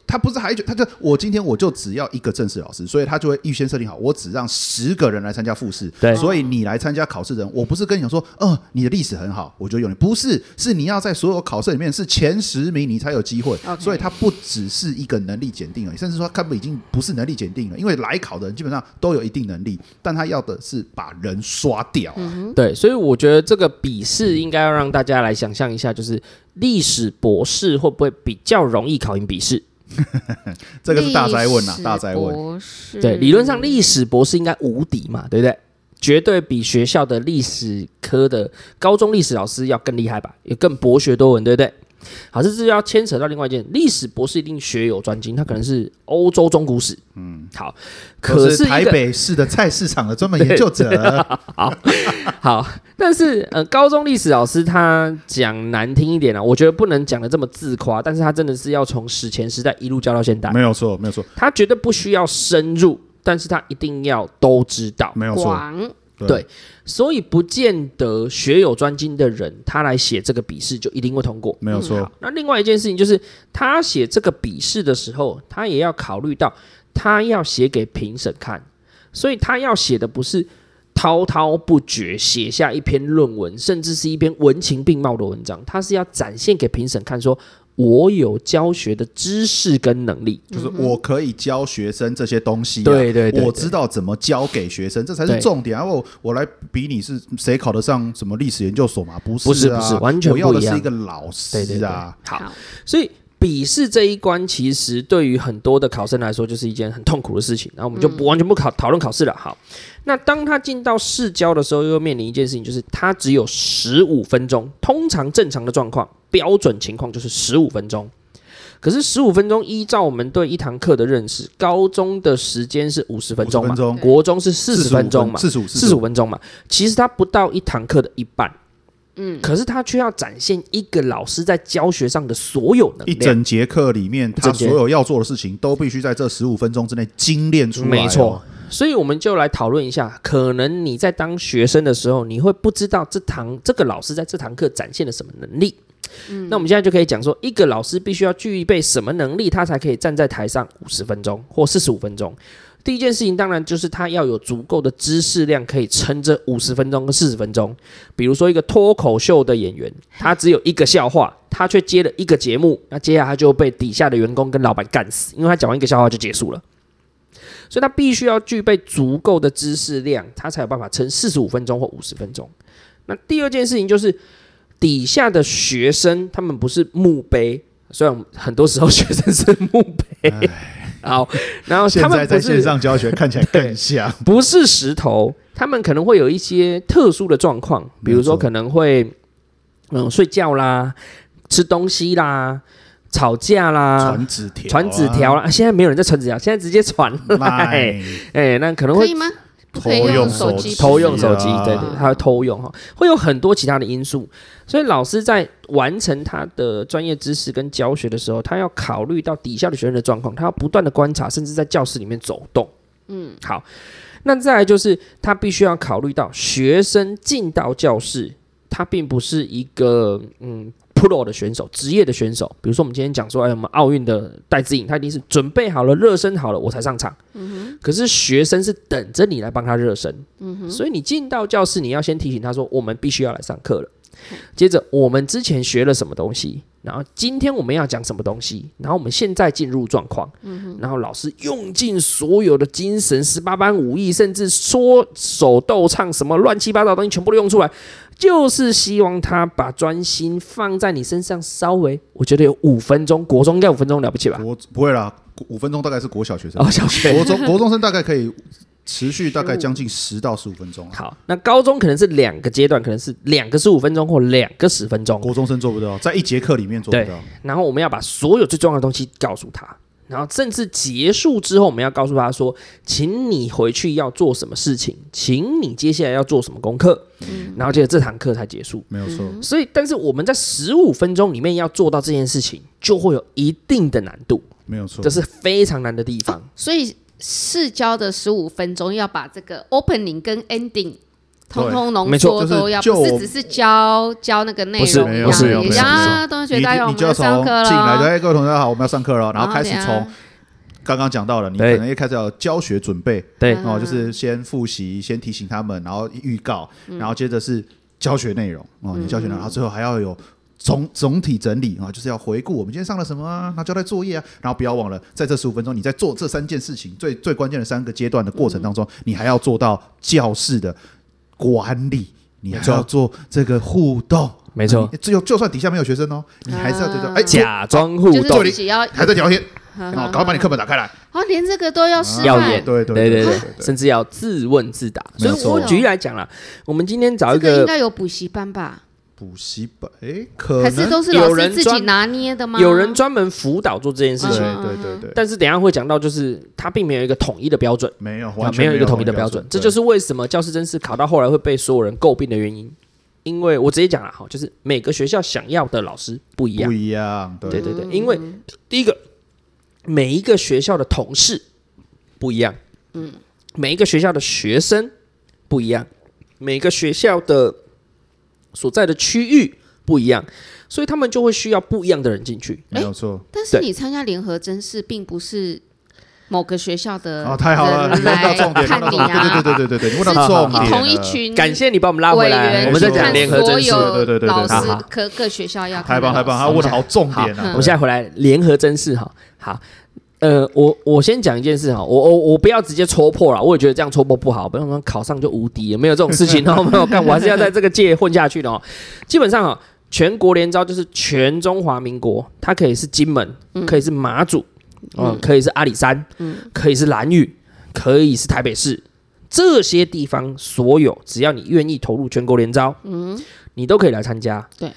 他不是海選，他就我今天我就只要一個正式老師，所以他就會預先設定好，我只讓十個人來參加複試，對，所以你來參加考試的人，我不是跟你講說，哦、呃，你的歷史很好，我就用你，不是，是你要在所有考試裡面是前十名，你才有機會、okay，所以他不只是一個能力鑑定而已，甚至說根本已經不是能力鑑定了，因為來考的人基本上都有一定能力，但他要的是。把人刷掉，啊嗯，對，所以我覺得這個筆試應該要讓大家來想象一下，就是歷史博士會不會比較容易考進筆試？ 這個是大哉問啊，大哉問！對，理論上歷史博士應該無敵嘛，對不對？絕對比學校的歷史科的高中歷史老師要更厲害吧？也更博學多聞，對不對？好，這是要牽扯到另外一件。歷史博士一定學有專精，他可能是歐洲中古史。嗯，好，可是台北市的菜市場的專門研究者。嗯、究者好好， 好，但是呃，高中歷史老師他講難聽一點啊，我覺得不能講得這麼自誇。但是他真的是要從史前時代一路教到現代，沒有錯，沒有錯。他絕對不需要深入，但是他一定要都知道，沒有錯。對,對，所以不見得學有專精的人，他來寫這個筆試就一定會通過。沒有錯。嗯，那另外一件事情就是，他寫這個筆試的時候，他也要考慮到他要寫給評審看，所以他要寫的不是滔滔不絕寫下一篇論文，甚至是一篇文情並茂的文章，他是要展現給評審看說，我有教學的知識跟能力，就是我可以教學生這些東西。對對對，我知道怎麼教給學生，這才是重點。然後我來比你是誰考得上什麼歷史研究所嘛？不是不是，完全不一樣。我要的是一個老師。對對對。好，所以筆試這一關，其實對於很多的考生來說，就是一件很痛苦的事情。然後我們就不完全不考討論考試了。好，那當他進到試教的時候，又面臨一件事情，就是他只有十五分鐘。通常正常的狀況。標準情況就是十五分鐘，可是十五分鐘，依照我們對一堂課的認識，高中的時間是五十分鐘嘛，國中是四十分鐘嘛，四十五四十五分鐘嘛，其實它不到一堂課的一半，嗯，可是他卻要展現一個老師在教學上的所有能力，一整節課裡面他所有要做的事情都必須在這十五分鐘之內精煉出來，沒錯。所以我們就來討論一下，可能你在當學生的時候，你會不知道這堂這個老師在這堂課展現了什麼能力。嗯，那我們現在就可以講說，一個老師必須要具備什麼能力，他才可以站在台上五十分鐘或四十五分鐘。第一件事情，當然就是他要有足夠的知識量，可以撐這五十分鐘跟四十分鐘。比如說，一個脫口秀的演員，他只有一個笑話，他卻接了一個節目，那接下來他就被底下的員工跟老闆幹死，因為他講完一個笑話就結束了。所以，他必須要具備足夠的知識量，他才有辦法撐四十五分鐘或五十分鐘。那第二件事情就是。底下的學生，他們不是墓碑，雖然很多時候學生是墓碑。好，然後他們不是現在在線上教學，看起來更像不是石頭。他們可能會有一些特殊的狀況，比如說可能會嗯睡覺啦、吃東西啦、吵架啦、傳紙條、傳紙條啦。現在沒有人在傳紙條，現在直接傳來。哎、欸，那可能會可以嗎？偷用,、啊、用手機，偷用手機，對對，他會偷用哈，會有很多其他的因素。所以老師在完成他的專業知識跟教學的時候，他要考慮到底下的學生的狀況，他要不斷的觀察，甚至在教室裡面走動。嗯，好，那再來就是他必須要考慮到學生進到教室，他並不是一個嗯 pro 的選手，職業的選手。比如說我們今天講說，哎、欸，我們奧運的戴資穎，他一定是準備好了，熱身好了，我才上場。嗯哼。可是學生是等着你來幫他熱身。嗯哼。所以你進到教室，你要先提醒他說，我們必須要來上課了。嗯、接着，我們之前學了什麼東西？然後今天我們要講什麼東西？然後我們現在進入狀況。嗯哼。然後老師用盡所有的精神，十八般武藝，甚至說、學、逗、唱什麼亂七八糟的東西，全部都用出來，就是希望他把專心放在你身上。稍微，我覺得有五分鐘，國中應該五分鐘了不起吧？我不會啦，五分鐘大概是國小學生哦，小學、國中、國中生大概可以。 持續大概將近十到十五分鐘。好，那高中可能是兩個階段，可能是兩個十五分鐘或兩個十分鐘。國中生做不到，在一節課裡面做不到。然後我們要把所有最重要的東西告訴他，然後甚至結束之後，我們要告訴他說：“請你回去要做什麼事情，請你接下來要做什麼功課。”嗯，然後接著這堂課才結束。沒有錯。所以，但是我們在十五分鐘裡面要做到這件事情，就會有一定的難度。沒有錯，這、就是非常難的地方。哦、所以。試教的十五分鐘要把這個 opening 跟 ending 通通濃縮都要，不是只是教教那個內容不。不是，不是，沒有不是。同學，大家要上課了。進來對，各位同學好，我們要上課了。然後開始從剛剛講到了，你可能一開始要教學準備，對，哦，就是先複習，先提醒他們，然後預告，然後接着是教學內容，嗯。哦，你教學內容，最後還要有。總總體整理啊，就是要回顧我們今天上了什麼啊，那交代作業啊，然後不要忘了，在這十五分鐘你在做這三件事情最最關鍵的三個階段的過程當中、嗯，你還要做到教室的管理，嗯、你還要做這個互動，沒錯、啊。就算底下沒有學生哦，你還是要做，假裝互動，只、欸就是、要你你還在聊天，好、啊，趕、啊啊、快把你課本打開來，啊，連這個都要示範、啊啊，對對對對，甚至要自問自答。所以我，我舉例來講了，我們今天找一個，這個應該有補習班吧。補習班誒，可是都是老師自己拿捏的嗎？有人專，有人專門輔導做這件事情，嗯、對對對，對。但是等下會講到，就是他並沒有一個統一的標準，沒有沒有一個統一的標準。標準，這就是為什麼教師甄試考到後來會被所有人詬病的原因。因為我直接講了哈，就是每個學校想要的老師不一樣，不一樣，對對，對對。嗯、因為、嗯、第一個，每一個學校的同事不一樣，嗯，每一個學校的學生不一樣，每個學校的。所在的區域不一樣，所以他們就會需要不一樣的人進去。沒有錯，但是你參加聯合甄試，並不是某個學校的、啊、哦，太好了，來到重點啊，對 對對對對對，你問的、啊、好，好好好好好好一同一群，感謝你把我們拉回來，我們在講聯合甄試，對對對，對，對，老師，各各學校要，太棒太棒，他問的好重點啊，我們現在回來聯合甄試哈，好。好呃，我我先講一件事哈，我我我不要直接戳破了，我也覺得這樣戳破不好，不要說考上就無敵，沒有這種事情哦， 沒有乾，我還是要在這個界混下去的哦。基本上啊、哦，全國聯招就是全中華民國，它可以是金門，可以是馬祖，嗯，呃、可以是阿里山，嗯，可以是蘭嶼，可以是台北市，嗯，這些地方所有，只要你願意投入全國聯招，嗯，你都可以來參加，對，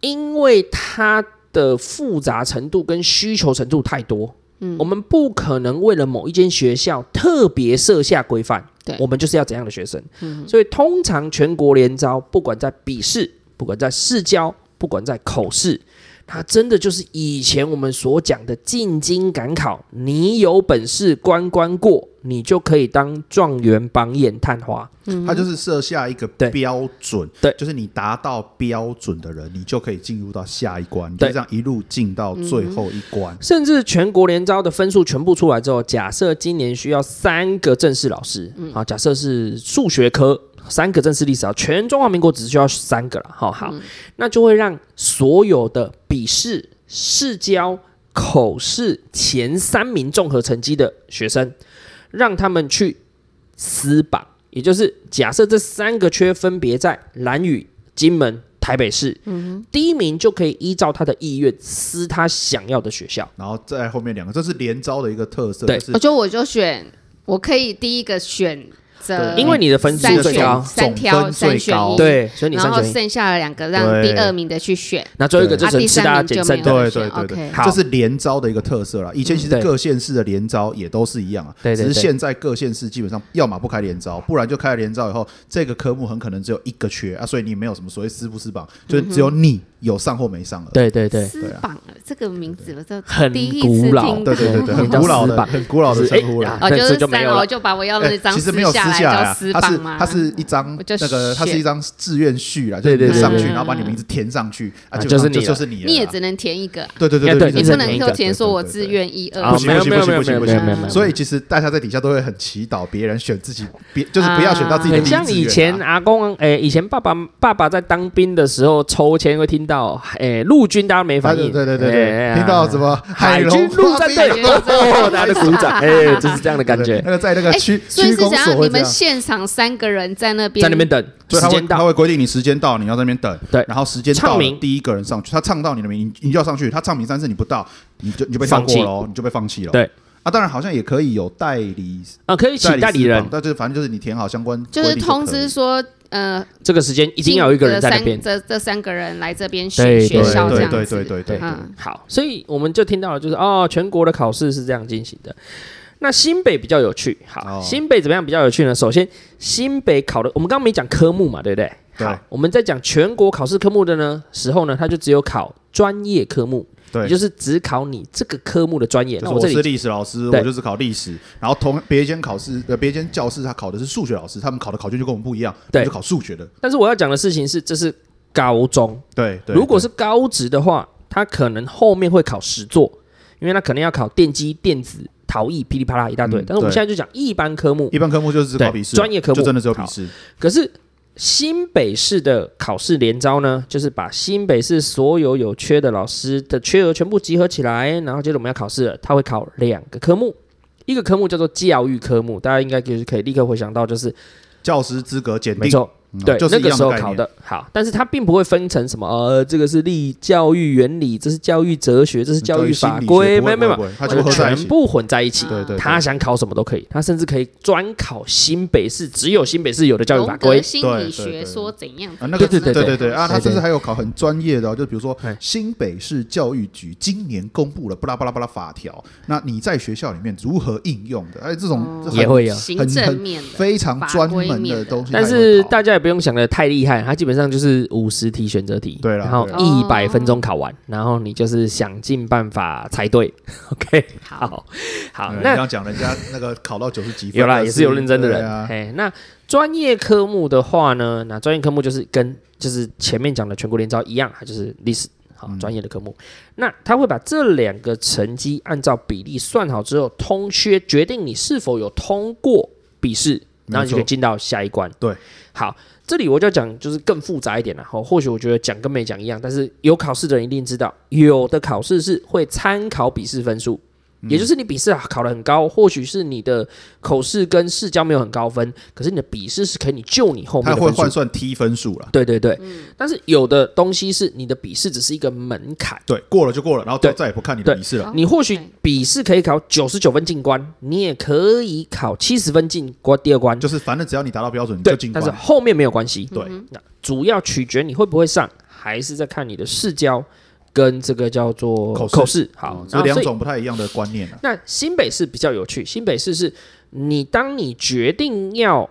因為它的複雜程度跟需求程度太多。嗯，我們不可能為了某一間學校特別設下規範，對，我們就是要怎樣的學生。嗯，所以通常全國聯招不管在筆試，不管在筆試，不管在試教，不管在口試。它真的就是以前我們所講的進京趕考，你有本事關關過，你就可以當狀元、榜眼、探花。嗯，它就是設下一個標準，對，對，就是你達到標準的人，你就可以進入到下一關，你就這樣一路進到最後一關。嗯，甚至全國聯招的分數全部出來之後，假設今年需要三個正式老師，啊，嗯，假設是數學科。三個正式歷史啊，全中華民國只需要三個了。好好、嗯，那就會讓所有的筆試、試教、口試前三名綜合成績的學生，讓他們去撕榜，也就是假設這三個缺分別在蘭嶼、金門、台北市，嗯，第一名就可以依照他的意願撕他想要的學校，然後再後面兩個，這是聯招的一個特色。對，就是、我就我就選，我可以第一個選。因為你的分數最，最高，總分最高。對，所以你然後剩下的兩個讓第二名的去選，那最後一個就是增加減分，對、啊、對對對，對，對 okay, 好，這是連招的一個特色了。以前其實各縣市的連招也都是一樣啊，嗯、只是現在各縣市基本上要麼不開連招，不然就開了連招以後，這個科目很可能只有一個缺啊，所以你沒有什麼所謂四不四榜，就是、只有你。嗯有上或沒上了。對對對，撕榜了這個名字，我真的第一次聽，對對對、對很古老的很古老的稱呼了啊，就是三樓就把我要的那張撕下來、欸其實沒有撕下來啊，叫撕榜嘛。它是它是一張就那個，它是一張志願序啦，對。上去、嗯、然後把你名字填上去對對對對啊，就是就是你了，你也只能填一個。啊就是一個啊，對對對你不能抽籤說我志願一二、啊啊。不行、啊、不行、啊、不行、啊、不行不行、啊，所以其實大家在底下都會很祈禱別人選自己，別就是不要選到自己的名字。像以前阿公哎，以前爸爸爸爸在當兵的時候抽籤會聽。到，誒、欸，陸軍當然沒反應，啊、對對對,對、欸啊、聽到什麼、啊、海,海軍陸戰隊，大家 的鼓署掌， 哎，就是這樣的感覺。對那個在那個區、欸、所以是想要區公所，你們現場三個人在那邊，在那邊等，就他會他會規定你時間到，你要在那邊等，對，然後時間到，第一個人上去，他唱到你的名你，你就要上去，他唱名三次你不到，你就你就,、哦、你就被放棄了、哦，你就被放棄了。對，啊，當然好像也可以有代理，啊、呃，可以請代,代理人，但就是反正就是你填好相關就，就是通知說。呃，這個時間一定要有一個人在那邊，這這三個人來這邊選學、學校這樣子。對對對對、對、嗯、對、對、對、對、對好，所以我們就聽到了，就是哦，全國的考試是這樣進行的。那新北比較有趣，好、哦，新北怎麼樣比較有趣呢？首先，新北考的，我們剛剛沒講科目嘛，對不對？對好，我們在講全國考試科目的呢時候呢，他就只有考專業科目。也就是只考你這個科目的專業。就是、那我，這裡我是歷史老師，我就是考歷史。然後同別一間考試，呃，別一間教師他考的是數學老師，他們考的考卷就跟我們不一樣，對，是考數學的。但是我要講的事情是，這是高中。對對，如果是高職的話，他可能後面會考實作，因為他可能要考電機、電子、陶藝、噼里啪啦一大堆、嗯。但是我們現在就講一般科目，一般科目就是只考筆試，專業科目就真的只有筆試。可是。新北市的考試聯招呢，就是把新北市所有有缺的老師的缺額全部集合起來，然後接着我們要考試了。他會考兩個科目，一個科目叫做教育科目，大家應該就是可以立刻回想到就是教師資格檢定。沒錯。對、就是，那個時候考的好，但是它並不會分成什麼，呃，這個是立教育原理，這是教育哲學，這是教育法規，嗯這個、沒沒沒，它全部混在一起。對、啊、對，他想考什麼都可以，他甚至可以專考新北市，只有新北市有的教育法規。心理學說怎樣啊？那個對對對對，對，對，對，對啊，他甚至還有考很專業的、哦，就比如說新北市教育局今年公布了巴拉巴拉巴拉法條，那你在學校裡面如何應用的？而、哎、且這種很、嗯、也會有很，行政面的，非常專門的東西，但是大家。也。不用想得太厲害，它基本上就是五十題選擇題，對了，然後一百分鐘考完，oh. 然後你就是想盡辦法猜對。OK，好好，嗯、那你要講人家那個考到九十幾分，有啦，也是有認真的人。哎、啊，那專業科目的話呢，那專業科目就是跟就是前面講的全國聯招一樣，它就是歷史好專業的科目、嗯。那他會把這兩個成績按照比例算好之後，通缺決定你是否有通過筆試，然後你就可以進到下一關。對，好。這裡我就要講，就是更複雜一點了。哈，或許我覺得講跟沒講一樣，但是有考試的人一定知道，有的考試是會參考筆試分數。也就是你筆試啊考得很高，或許是你的口試跟試教沒有很高分，可是你的筆試是可以救你後面的。他會換算 T 分數了，對對對、嗯。但是有的東西是你的筆試只是一個門檻、嗯，對，過了就過了，然後再，再也不看你的筆試了。你或許筆試可以考九十九分進關，你也可以考七十分進關第二關，就是反正只要你達到標準你就進關。但是後面沒有關係，對、嗯，那主要取決你會不會上，還是在看你的試教。跟這個叫做口試，好，兩種不太一樣的觀念啊。那新北市比較有趣，新北市是你當你決定要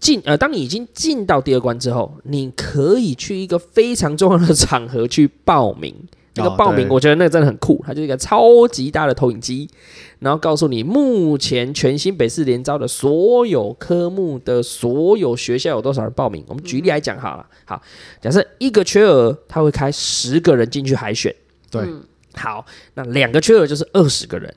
進，呃，當你已經進到第二關之後，你可以去一個非常重要的場合去報名。那個報名，我覺得那個真的很酷，oh，它就是一個超級大的投影機，然後告訴你目前全新北市聯招的所有科目的所有學校有多少人報名。我們舉例來講好了，好，假設一個缺額，他會開十個人進去海選，對，好，那兩個缺額就是二十個人。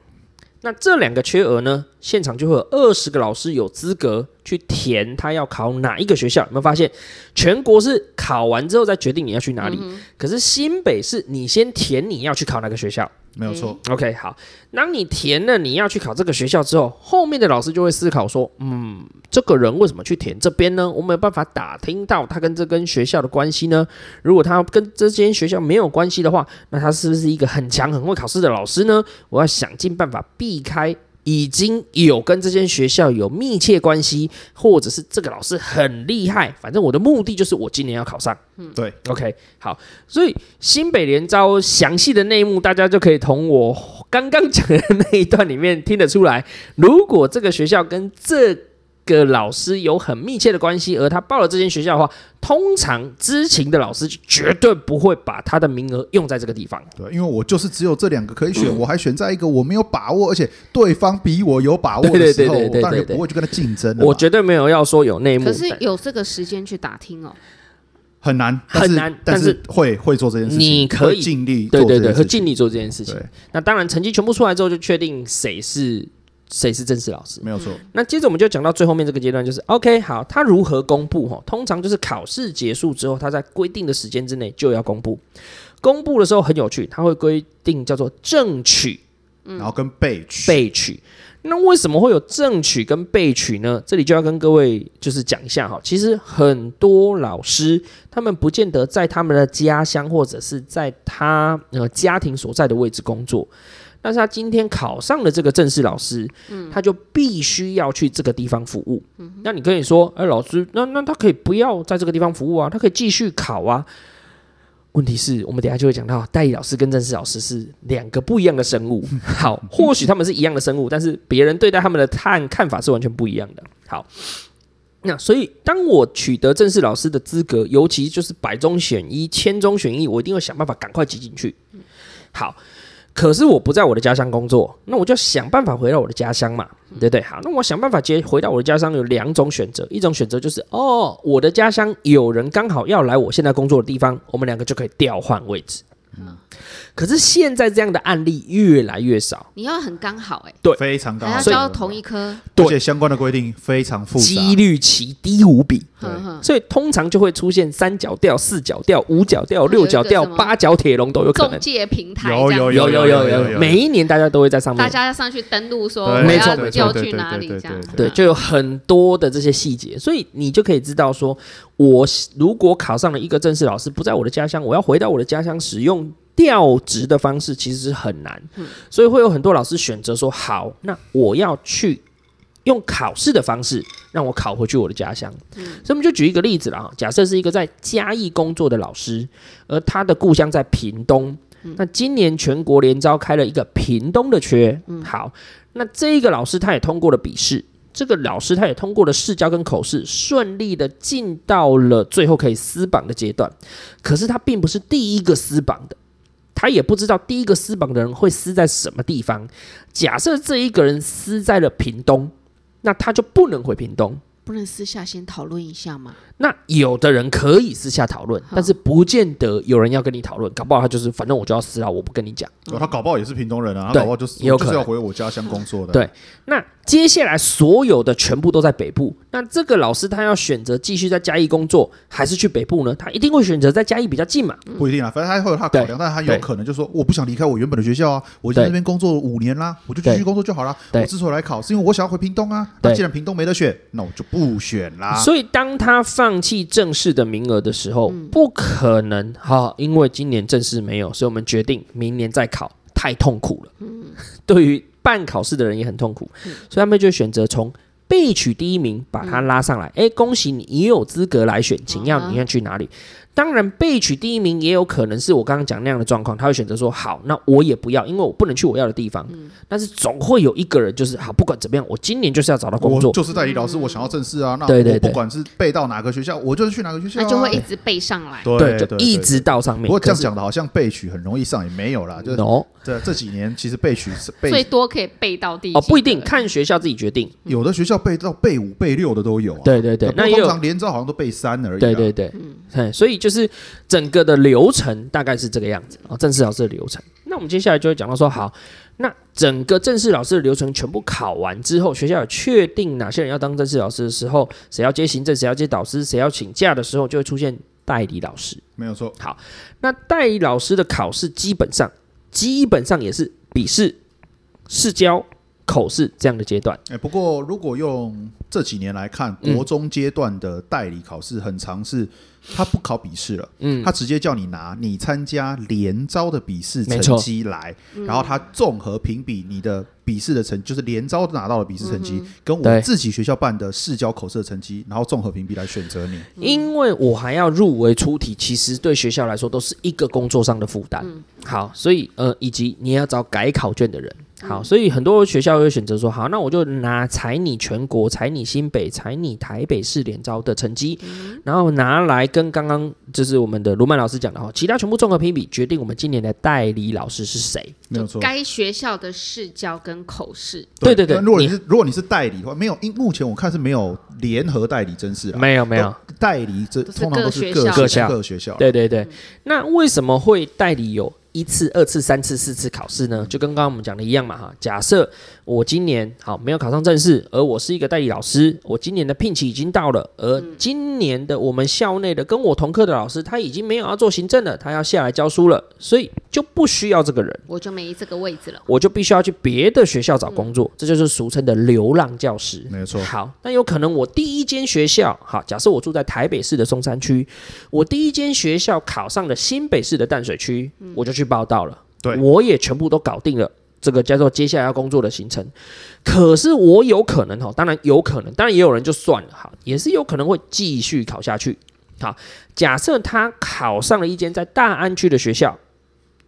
那這兩個缺額呢？現場就會有二十個老師有資格去填，他要考哪一個學校？有沒有發現，全國是考完之後再決定你要去哪裡？嗯、可是新北是你先填你要去考哪個學校。沒有錯、嗯。OK，好。當你填了你要去考這個學校之後，後面的老師就會思考說：“嗯，這個人為什麼去填這邊呢？我沒有辦法打聽到他跟這間學校的關係呢。如果他跟這間學校沒有關係的話，那他是不是一個很強很會考試的老師呢？我要想盡辦法避開。”已經有跟這間學校有密切關係，或者是這個老師很厲害，反正我的目的就是我今年要考上。嗯，對，OK，好，所以新北聯招詳細的內幕，大家就可以從我剛剛講的那一段裡面聽得出來。如果這個學校跟這一個老師有很密切的關係，而他報了這間學校的話，通常知情的老師就絕對不會把他的名額用在這個地方。對，因為我就是只有這兩個可以選，嗯，我還選在一個我沒有把握，而且對方比我有把握的時候，對對對對對，我當然也不會去跟他競爭，對對對對。我絕對沒有要說有內幕，可是有這個時間去打聽哦，很難很難，但是會會做這件事情，你可以盡力做，對對對，盡力做這件事情。對對對對，事情那當然，成績全部出來之後，就確定誰是。誰是正式老師？沒有錯。那接着我們就講到最後面這個階段，就是、嗯、OK 好，他如何公布？通常就是考試結束之後，他在規定的時間之內就要公布。公布的時候很有趣，他會規定叫做正取，然後跟備取。備取，那為什麼會有正取跟備取呢？這裡就要跟各位就是講一下哈。其實很多老師他們不見得在他們的家鄉或者是在他呃家庭所在的位置工作。但是他今天考上了這個正式老師，嗯，他就必須要去這個地方服務。嗯、那你可以說，哎，老師，那那他可以不要在這個地方服務啊？他可以繼續考啊？問題是我們等一下就會講到，代理老師跟正式老師是兩個不一樣的生物。嗯、好，或許他們是一樣的生物， 但是別人對待他們的看看法是完全不一樣的。好，那所以當我取得正式老師的資格，尤其就是百中選一、千中選一，我一定會想辦法趕快擠進去。嗯、好。可是我不在我的家鄉工作，那我就想辦法回到我的家鄉嘛，對不對？好，那我想辦法接回到我的家鄉，有兩種選擇，一種選擇就是，哦，我的家鄉有人剛好要來我現在工作的地方，我們兩個就可以調換位置。嗯、可是現在這樣的案例越來越少，你要很剛好哎、欸，對，非常剛好，要教同一科，對，而且相關的規定非常複雜，幾率奇低無比，對，對，所以通常就會出現三角調、四角調、五角調、六角調、八角鐵籠都有可能。中介平台有有有有有有，有，每一年大家都會在上面，大家要上去登錄說，沒錯，就要去哪裡這樣，對，對，就有很多的這些細節，所以你就可以知道說，我如果考上了一個正式老師不在我的家鄉，我要回到我的家鄉使用，調職的方式其實是很難、嗯，所以會有很多老師選擇說：“好，那我要去用考試的方式讓我考回去我的家鄉。嗯”所以我們就舉一個例子了啊。假設是一個在嘉義工作的老師，而他的故鄉在屏東。嗯、那今年全國聯招開了一個屏東的缺。嗯、好，那這一個老師他也通過了筆試，這個老師他也通過了試教跟口試，順利地進到了最後可以撕榜的階段。可是他並不是第一個撕榜的。他也不知道第一個撕榜的人會撕在什麼地方。假設這一個人撕在了屏東，那他就不能回屏東。不能私下先討論一下嗎？那有的人可以私下討論，但是不見得有人要跟你討論、嗯。搞不好他就是反正我就要私了，我不跟你講、哦。他搞不好也是屏東人啊，他搞不好就是有可能就是要回我家鄉工作的。對，那接下來所有的全部都在北部。那這個老師他要選擇繼續在嘉義工作，還是去北部呢？他一定會選擇在嘉義比較近嘛、嗯？不一定啊，反正他會有他的考量，但是他有可能就說我不想離開我原本的學校啊，我在那邊工作五年啦，我就繼續工作就好啦。我之所以來考是因為我想要回屏東啊。但既然屏東沒得選，那我就不。入選啦，所以當他放棄正式的名額的時候，嗯、不可能哈、啊，因為今年正式沒有，所以我們決定明年再考，太痛苦了。嗯、 對於辦考試的人也很痛苦，嗯、所以他們就選擇從備取第一名把他拉上來。誒、嗯欸，恭喜你，你也有資格來選，請要你要去哪裡？啊當然，備取第一名也有可能是我剛剛講那樣的狀況，他會選擇說，好，那我也不要，因為我不能去我要的地方。嗯、但是總會有一個人，就是好，不管怎麼樣，我今年就是要找到工作。就是代理，老師，嗯，我想要正式啊。那我不管是備到哪個學校，我就是去哪個學校，啊。他就會一直備上來，對，就一直到上面對對對對。不過這樣講的好像備取很容易上也沒有啦，就哦，對，這幾年其實備取是最多可以備到第一哦，不一定看學校自己決定，嗯、有的學校備到備五、備六的都有，啊。對對對，那通常聯招好像都備三而已。對，對對對，嗯，嘿，所以就。就是整個的流程大概是這個樣子，啊，正式老師的流程。那我們接下來就會講到說，好，那整個正式老師的流程全部考完之後，學校有確定哪些人要當正式老師的時候，誰要接行政，誰要接導師，誰要請假的時候，就會出現代理老師。沒有錯。好，那代理老師的考試基本上，基本上也是筆試、試教、口試這樣的階段，哎、欸，不過如果用這幾年來看，國中階段的代理考試很常是、嗯、他不考筆試了，嗯，他直接叫你拿你參加聯招的筆試成績來，然後他綜合評比你的筆試的成、嗯，就是聯招拿到的筆試成績、嗯、跟我們自己學校辦的試教口試的成績，然後綜合評比來選擇你、嗯。因為我還要入闈出題，其實對學校來說都是一個工作上的負擔、嗯。好，所以呃，以及你要找改考卷的人。嗯、好，所以很多學校會選擇說，好，那我就拿採你全國、採你新北、採你台北市聯招的成績、嗯，然後拿來跟剛剛就是我們的盧曼老師講的哈，其他全部綜合評比決定我們今年的代理老師是誰。沒有錯，該學校的試教跟口試。對對對。對如果你是你如果你是代理的話，沒有，因目前我看是沒有聯合代理甄試、啊，沒有沒有代理這通常都是各校各學校。校學校對對對、嗯。那為什麼會代理有？一次、二次、三次、四次考試呢，就跟剛剛我們講的一樣嘛，哈。假設我今年好沒有考上正式，而我是一個代理老師，我今年的聘期已經到了，而今年的我們校內的跟我同課的老師他已經沒有要做行政了，他要下來教書了，所以就不需要這個人，我就沒這個位置了，我就必須要去別的學校找工作，嗯、這就是俗稱的流浪教師。沒錯。好，那有可能我第一間學校，好，假設我住在台北市的松山區，我第一間學校考上了新北市的淡水區、嗯，我就去。報到了，對，我也全部都搞定了。這個叫做接下來要工作的行程，可是我有可能哈、哦，當然有可能，當然也有人就算了也是有可能會繼續考下去。好，假設他考上了一間在大安區的學校，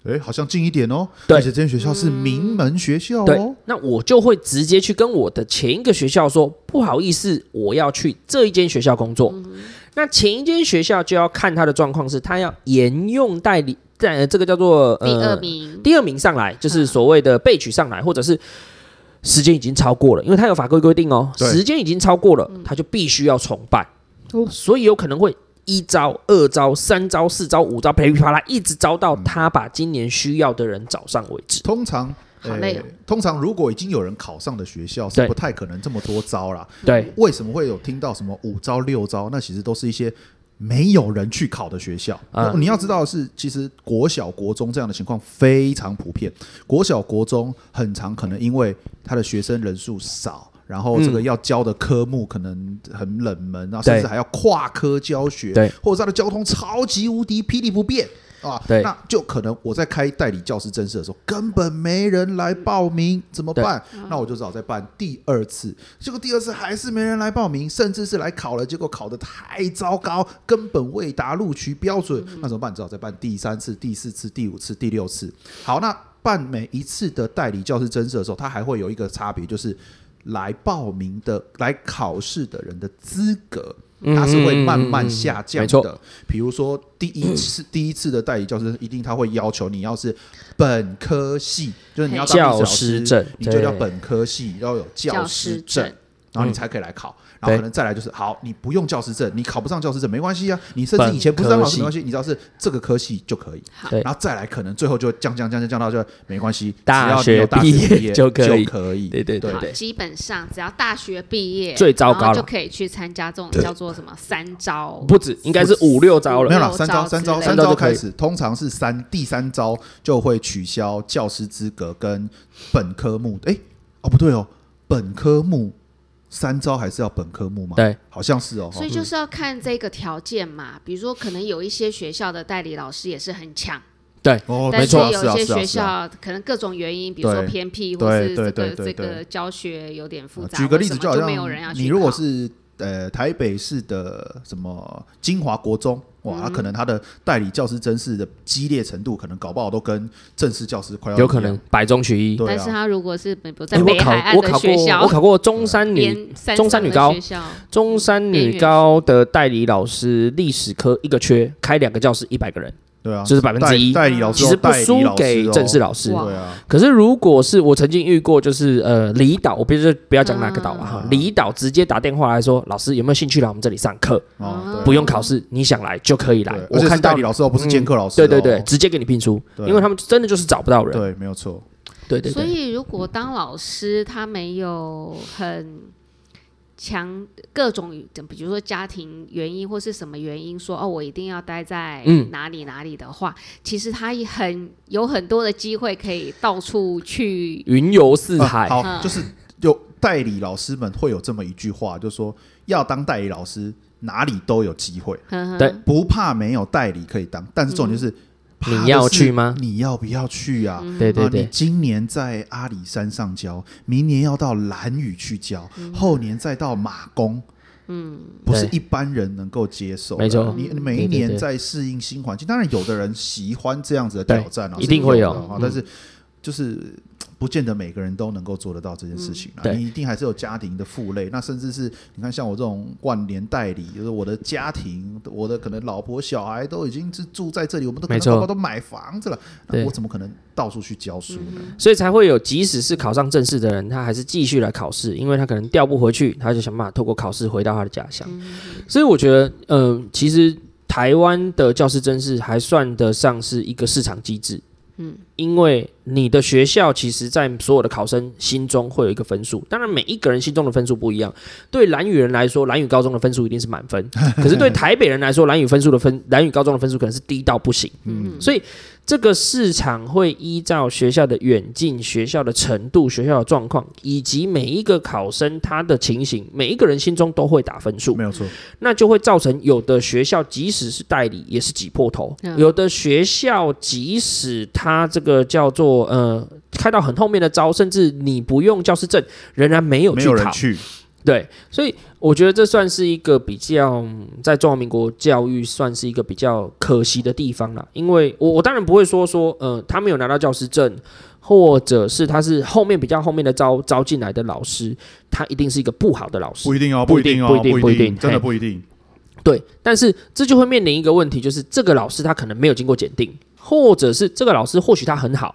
誒，好像近一點哦。對，而且這間學校是名門學校、哦嗯。對，那我就會直接去跟我的前一個學校說，不好意思，我要去這一間學校工作。嗯、那前一間學校就要看他的狀況是，是他要沿用代理。然，這個叫做呃第二名，第二名上來就是所謂的備取上來，嗯，或者是時間已經超過了，因為他有法規規定哦，時間已經超過了，嗯、他就必須要重辦，哦、所以有可能會一招、二招、三招、四招、五招，噼里啪啦一直招到他把今年需要的人找上為止。通常，呃累哦，通常如果已經有人考上的學校是不太可能這麼多招啦對。對，為什麼會有聽到什麼五招六招？那其實都是一些。沒有人去考的學校，嗯、你要知道的是，其實國小國中這樣的情況非常普遍。國小國中很常，可能因為他的學生人數少，然後這個要教的科目可能很冷門，嗯、然後甚至還要跨科教學，對，或者他的交通超級無敵霹靂不便。啊，對，那就可能我在開代理教師甄試的時候，根本沒人來報名，怎麼辦？那我就只好再辦第二次。結果第二次還是沒人來報名，甚至是來考了，結果考得太糟糕，根本未達錄取標準，嗯嗯。那怎麼辦？只好再辦第三次、第四次、第五次、第六次。好，那辦每一次的代理教師甄試的時候，它還會有一個差別，就是來報名的、來考試的人的資格。它是會慢慢下降的。比、嗯嗯、如說，第一次、嗯、第一次的代理教師，一定他會要求你要是本科系，就是你要到教師證，你就要本科系，要有教師證，然後你才可以來考。嗯然後可能再來就是，好，你不用教師證，你考不上教師證沒關係啊，你甚至以前不是當老師沒關係，你知道是這個科系就可以。然後再來可能最後就降降降降降到就沒關係，大學畢業，只要你有大學畢業就可以就可以。對對對，對，對，對，基本上只要大學畢業最糟糕就可以去參加這種叫做什麼，做什麼三招，不止應該是五六招了。沒有啦，三招三招三招開始，通常是三第三招就會取消教師資格跟本科目的。哎、欸，哦不對哦，本科目。三招還是要本科目嗎？對，好像是哦。所以就是要看這個條件嘛，比如說可能有一些學校的代理老師也是很強，對，但是有些學校可能各種原因，對哦、原因對，比如說偏僻或者是這個對對對對對對，這個教學有點複雜，啊、舉個例子就好像，就沒有人要。你如果是呃台北市的什麼金華國中。他、嗯啊、可能他的代理教師甄試的激烈程度，可能搞不好都跟正式教師快要有可能百中取一。對啊，但是他如果是北在北海岸的學校、欸我考我考過，我考過中山女中中山女高，中山女高的代理老師歷史科一個缺，開兩個教室，一百個人。對啊，就是百分之一，其實不輸給正式老師，代理老師、喔。對啊，可是如果是我曾經遇過，就是呃，離島，我不是不要講哪個島啊，離島、嗯、直接打電話來說、嗯，老師有沒有興趣來我們這裡上課、嗯？不用考試、嗯，你想來就可以來。我看代理老師哦、喔嗯，不是兼課老師、喔，對對對，直接給你聘書，因為他們真的就是找不到人。對，沒有錯。對，對對。所以如果當老師，他沒有很。強各種，比如說家庭原因或是什麼原因，說哦，我一定要待在哪裡哪裡的話，嗯、其實他也很有很多的機會可以到處去雲遊四海。啊、好、嗯，就是有代理老師們會有這麼一句話，就是、說要當代理老師，哪裡都有機會、嗯，對，不怕沒有代理可以當，但是重點、就是。嗯你要去嗎？你要不要去啊？對對對，你今年在阿里山上教，嗯、明年要到蘭嶼去教、嗯，後年再到馬公，嗯，不是一般人能夠接受,的、嗯接受的。沒錯，你每一年在適應新環境、嗯對對。當然，有的人喜歡這樣子的挑戰啊， 啊一定會有啊。但是就是。嗯就是不見得每個人都能夠做得到這件事情啊、嗯！你一定還是有家庭的負累，那甚至是，你看像我這種萬年代理，就是我的家庭，我的可能老婆小孩都已經是住在這裡，我們都可能都買房子了，我怎麼可能到處去教書呢？所以才會有，即使是考上正式的人，他還是繼續來考試，因為他可能調不回去，他就想辦法透過考試回到他的家鄉、嗯。所以我覺得，嗯、呃，其實台灣的教師甄試還算得上是一個市場機制。嗯，因為你的學校其實，在所有的考生心中會有一個分數，當然每一個人心中的分數不一樣。對藍語人來說，藍語高中的分數一定是滿分， 可是對台北人來說，藍語分數的分，藍語高中的分數可能是低到不行。嗯，所以。這個市場會依照學校的遠近、學校的程度、學校的狀況，以及每一個考生他的情形，每一個人心中都會打分數。沒有錯，那就會造成有的學校即使是代理也是擠破頭、嗯，有的學校即使他這個叫做呃開到很後面的招，甚至你不用教師證仍然沒有去考。沒有人去對，所以我覺得這算是一個比較在中華民國教育算是一個比較可惜的地方了，因為我我當然不會說說呃他沒有拿到教師證，或者是他是後面比較後面的招招進來的老師，他一定是一個不好的老師，不一定哦，不一定哦，不一定不一定，不一定，不一定，不一定，真的不一定。Hey, 對，但是這就會面臨一個問題，就是這個老師他可能沒有經過檢定，或者是這個老師或許他很好，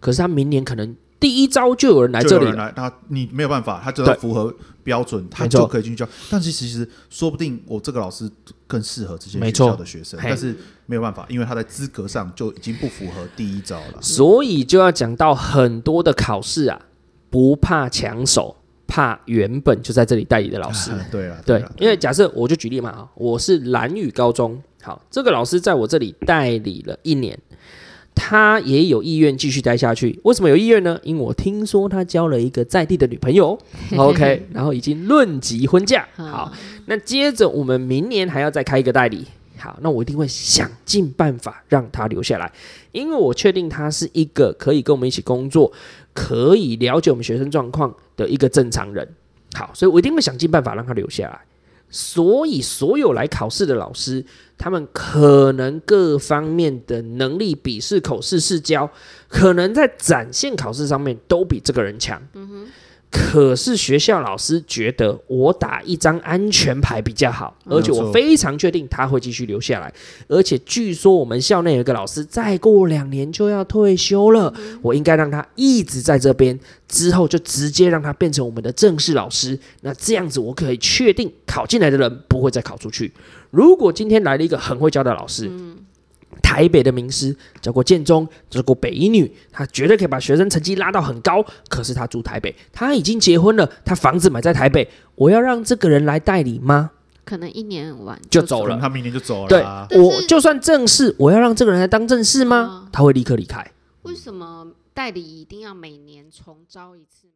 可是他明年可能。第一招就有人來這裡，來他你沒有辦法，他就只要符合標準，他就可以進去教。但是其，其實說不定我這個老師更適合這些學校的學生，但是沒有辦法，因為他在資格上就已經不符合第一招了。所以就要講到很多的考試啊，不怕搶手，怕原本就在這裡代理的老師。啊對啊，對，因為假設我就舉例嘛，我是藍宇高中，好，這個老師在我這裡代理了一年。他也有意願繼續待下去，為什麼有意願呢？因為我聽說他交了一個在地的女朋友 ，OK，然後已經論及婚嫁。好，那接着我們明年還要再開一個代理，好，那我一定會想盡辦法讓他留下來，因為我確定他是一個可以跟我們一起工作，可以了解我們學生狀況的一個正常人。好，所以我一定會想盡辦法讓他留下來。所以，所有來考試的老師，他們可能各方面的能力、筆試、口試、試教，可能在展現考試上面都比這個人強。嗯哼。可是學校老師覺得我打一張安全牌比較好，而且我非常確定他會繼續留下來。而且據說我們校內有一個老師，再過兩年就要退休了，嗯，我應該讓他一直在這邊，之後就直接讓他變成我們的正式老師。那這樣子我可以確定考進來的人不會再考出去。如果今天來了一個很會教的老師。嗯台北的名師教過建中，教過北一女，他絕對可以把學生成績拉到很高。可是他住台北，他已經結婚了，他房子買在台北、嗯。我要讓這個人來代理嗎？可能一年完就走了、嗯，他明年就走了、啊。對，我就算正式，我要讓這個人來當正式嗎、嗯？他會立刻離開。為什麼代理一定要每年重招一次？